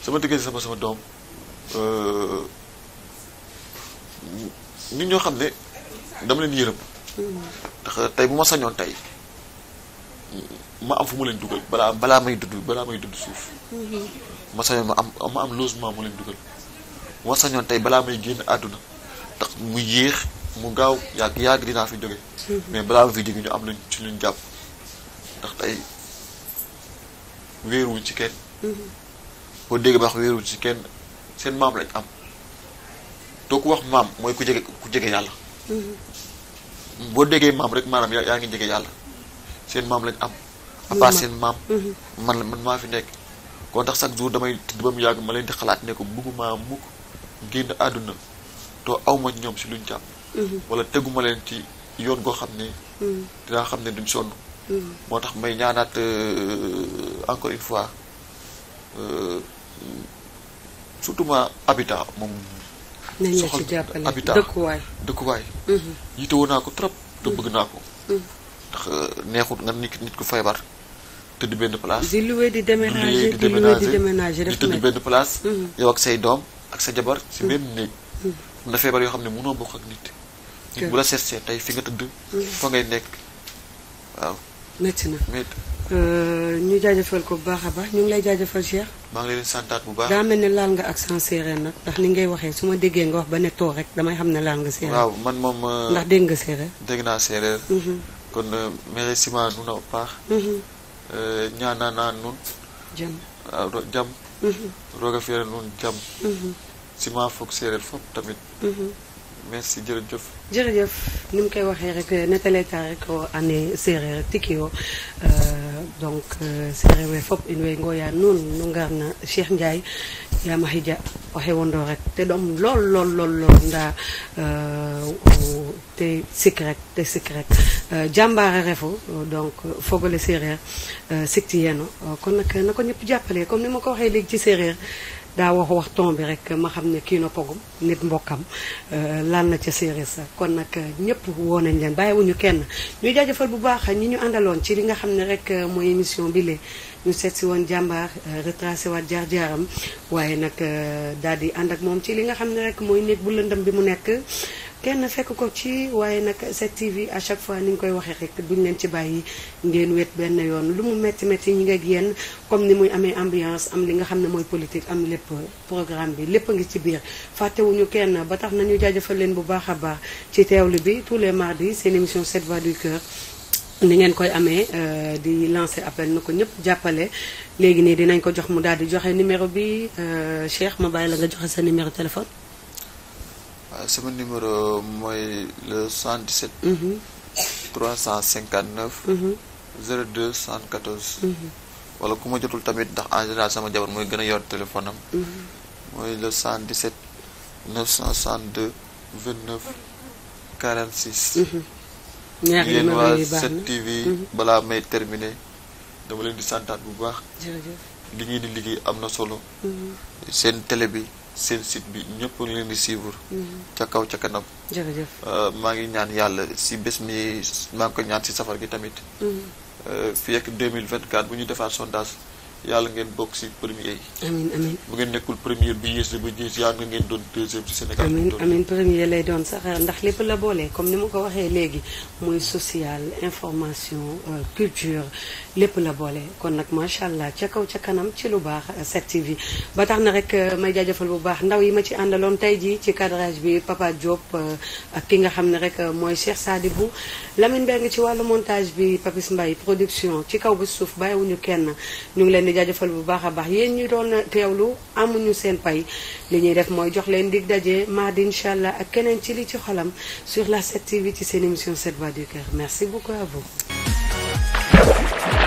sama diggante sama sama doom euh, nit ñoo xam ne dama leen yërëm ndax tey bu ma sañoon tey ma am fu mu leen dugal balaa balaa may dudd balaa may dudd suuf ma sañoon ma am ma am logement mu leen dugal bu ma sañoon tey balaa may génn àdduna ndax mu yéex mu gaaw yàgg yàgg dinaa fi jóge mais balaa ma fi jóge ñu am luñ ci luñ jàpp ndax tey wéeruwuñ ci kenn koo dégg ba wax wéeruñ ci kenn seen maam lañ am doo ko wax maam mooy ku jege ku jege yàlla mm-hmm. boo déggee maam rek maanaam yaa ngi jege yàlla seen maam lañ am à part seen maam mm-hmm. man maa fi nekk koo tax chaque jour damay tëdd ba mu yàgg ma leen di xalaat ne ko bugguma mukk génn àdduna te awma ñoom si luñ jàpp mm-hmm. wala teguma leen ci yoon goo xam ne dinaa xam ne duñ sonn moo tax may ñaanaat euh, encore une fois euh, surtout ma habitat moom. nañ la ci jàppale habitat dëkkuwaay dëkkuwaay. Mhm. yitewoo naa ko trop te mhm. bëgg naa ko. Mhm. Euh, neexut nga nit nit ku feebar tëdd benn place. di loué di déménager di loué di déménager tëdd benn place. yow ak say doom ak sa jabar si benn néeg. am na feebar yoo xam ne mënoo bokk ak nit. nit bu la seet seet tey fi nga tëdd. fa ngay nekk waaw. Euh, ñu jaajëfal ko bu baax a baax ñu ngi lay jaajëfal Cheikh. maa ngi leen santaat bu baax. daa mel ne laal nga accent séeréer nag ndax li ngay waxee su ma déggee nga wax ba ne too rek damay xam ne laal nga séeréer. waaw man moom. Euh, ndax dégg nga séeréer. dégg naa séeréer. Mm-hmm. kon euh, merci ma nu na paax. ñaanaa naa nun. jam waaw jam. roog a nun jam. Mm-hmm. si foog séeréer fop tamit. Mm-hmm. merci jërëjëf. jërëjëf ni mu koy waxee rek netaleta rek o ane séeréer rek tikio euh, donc euh, séeréer we fop in way ngoya nuun nu ngarna Cheikh Ndiaye yaam a xija oxe wondoo rek te doom lool lool lool lool ndaa euh, te sik rek te sik rek jàmbaare refu donc fogole séeréer sikti yeeno kon nag na ko ñëpp jàppale comme ni ma ko waxee léegi ci séeréer daa wax wax tombi rek ma xam ne kii na pogum nit mbokkam euh, lan na ca séeréer sa kon nag euh, ñëpp woo nañ leen bàyyiwuñu kenn ñuy jaajëfal bu baax ñi ñu àndaloon ci li nga xam ne rek euh, mooy émission bi lee ñu seetsi woon jàmbaar retracé waat jaar-jaaram waaye nag daal di ànd ak moom ci li nga xam ne rek mooy néeg bu lëndëm bi mu nekk kenn fekk ko ci waaye nag 7TV a chaque fois ni ñu koy waxee rek duñ leen ci bàyyi ngeen wéet benn yoon lu mu métti métti ñi nga yéen comme ni muy amee ambiance am li nga xam ne mooy politique am lépp programme bi lépp a ngi ci biir fàttewuñu kenn ba tax nañu jaajëfal leen bu baax a baax ci teewlu bi tous les mardis seen émission 7 voix du cœur ni ngeen koy amee euh, di lancer appel na ko ñëpp jàppale léegi nii dinañ ko jox mu daal di joxe numéro bi euh, Cheikh ma bàyyi la nga joxe sa numéro téléphone sama numéro mooy le 77. 359. 02 114. wala ku ma jotul tamit ndax en sama jabar mooy gën a yor téléphone am. Mhm. mooy le 117 962 29 46. ñaar yéen waa 7 TV mhm. balaa may terminer dama leen di santaat bu baax. jërëjëf li ngeen di liggéey am na solo. Mhm. seen télé bi. seen site bi ñëpp leen di mm-hmm. ca kaw ca kanam. jërëjëf euh, maa ngi ñaan yàlla si bés mi maa ngi ko ñaan si safar gi tamit. Mm-hmm. Euh, mille ak 2024 bu ñu defaat sondage. yàlla ngeen bokk si premier yi. amiin amiin bu ngeen nekkul premier bi yées ba yées yaa nga ngeen doon deuxième si Sénégal. amiin amiin premier lay doon sax ndax lépp la boole comme ni ma ko waxee léegi muy social information euh, culture lépp la boole kon nag macha allah ca kaw ca kanam ci lu baax 7TV euh, ba tax na rek euh, may jaajëfal bu baax ndaw yi ma ci àndaloon tey jii ci cadrage bi Papa Diop ak ki nga xam ne rek mooy Cheikh Sadibou Lamine Mbengue ci wàllu montage bi Papis Mbaye production ci kaw ba suuf bàyyiwuñu kenn di jaajëfal bu baax a baax yéen ñu doon teewlu amuñu seen pay li ñuy def mooy jox leen di daje mardi incha allah ak keneen ci li ci xolam sur la 7TV ci seen émission 7 voix du cœur merci beaucoup à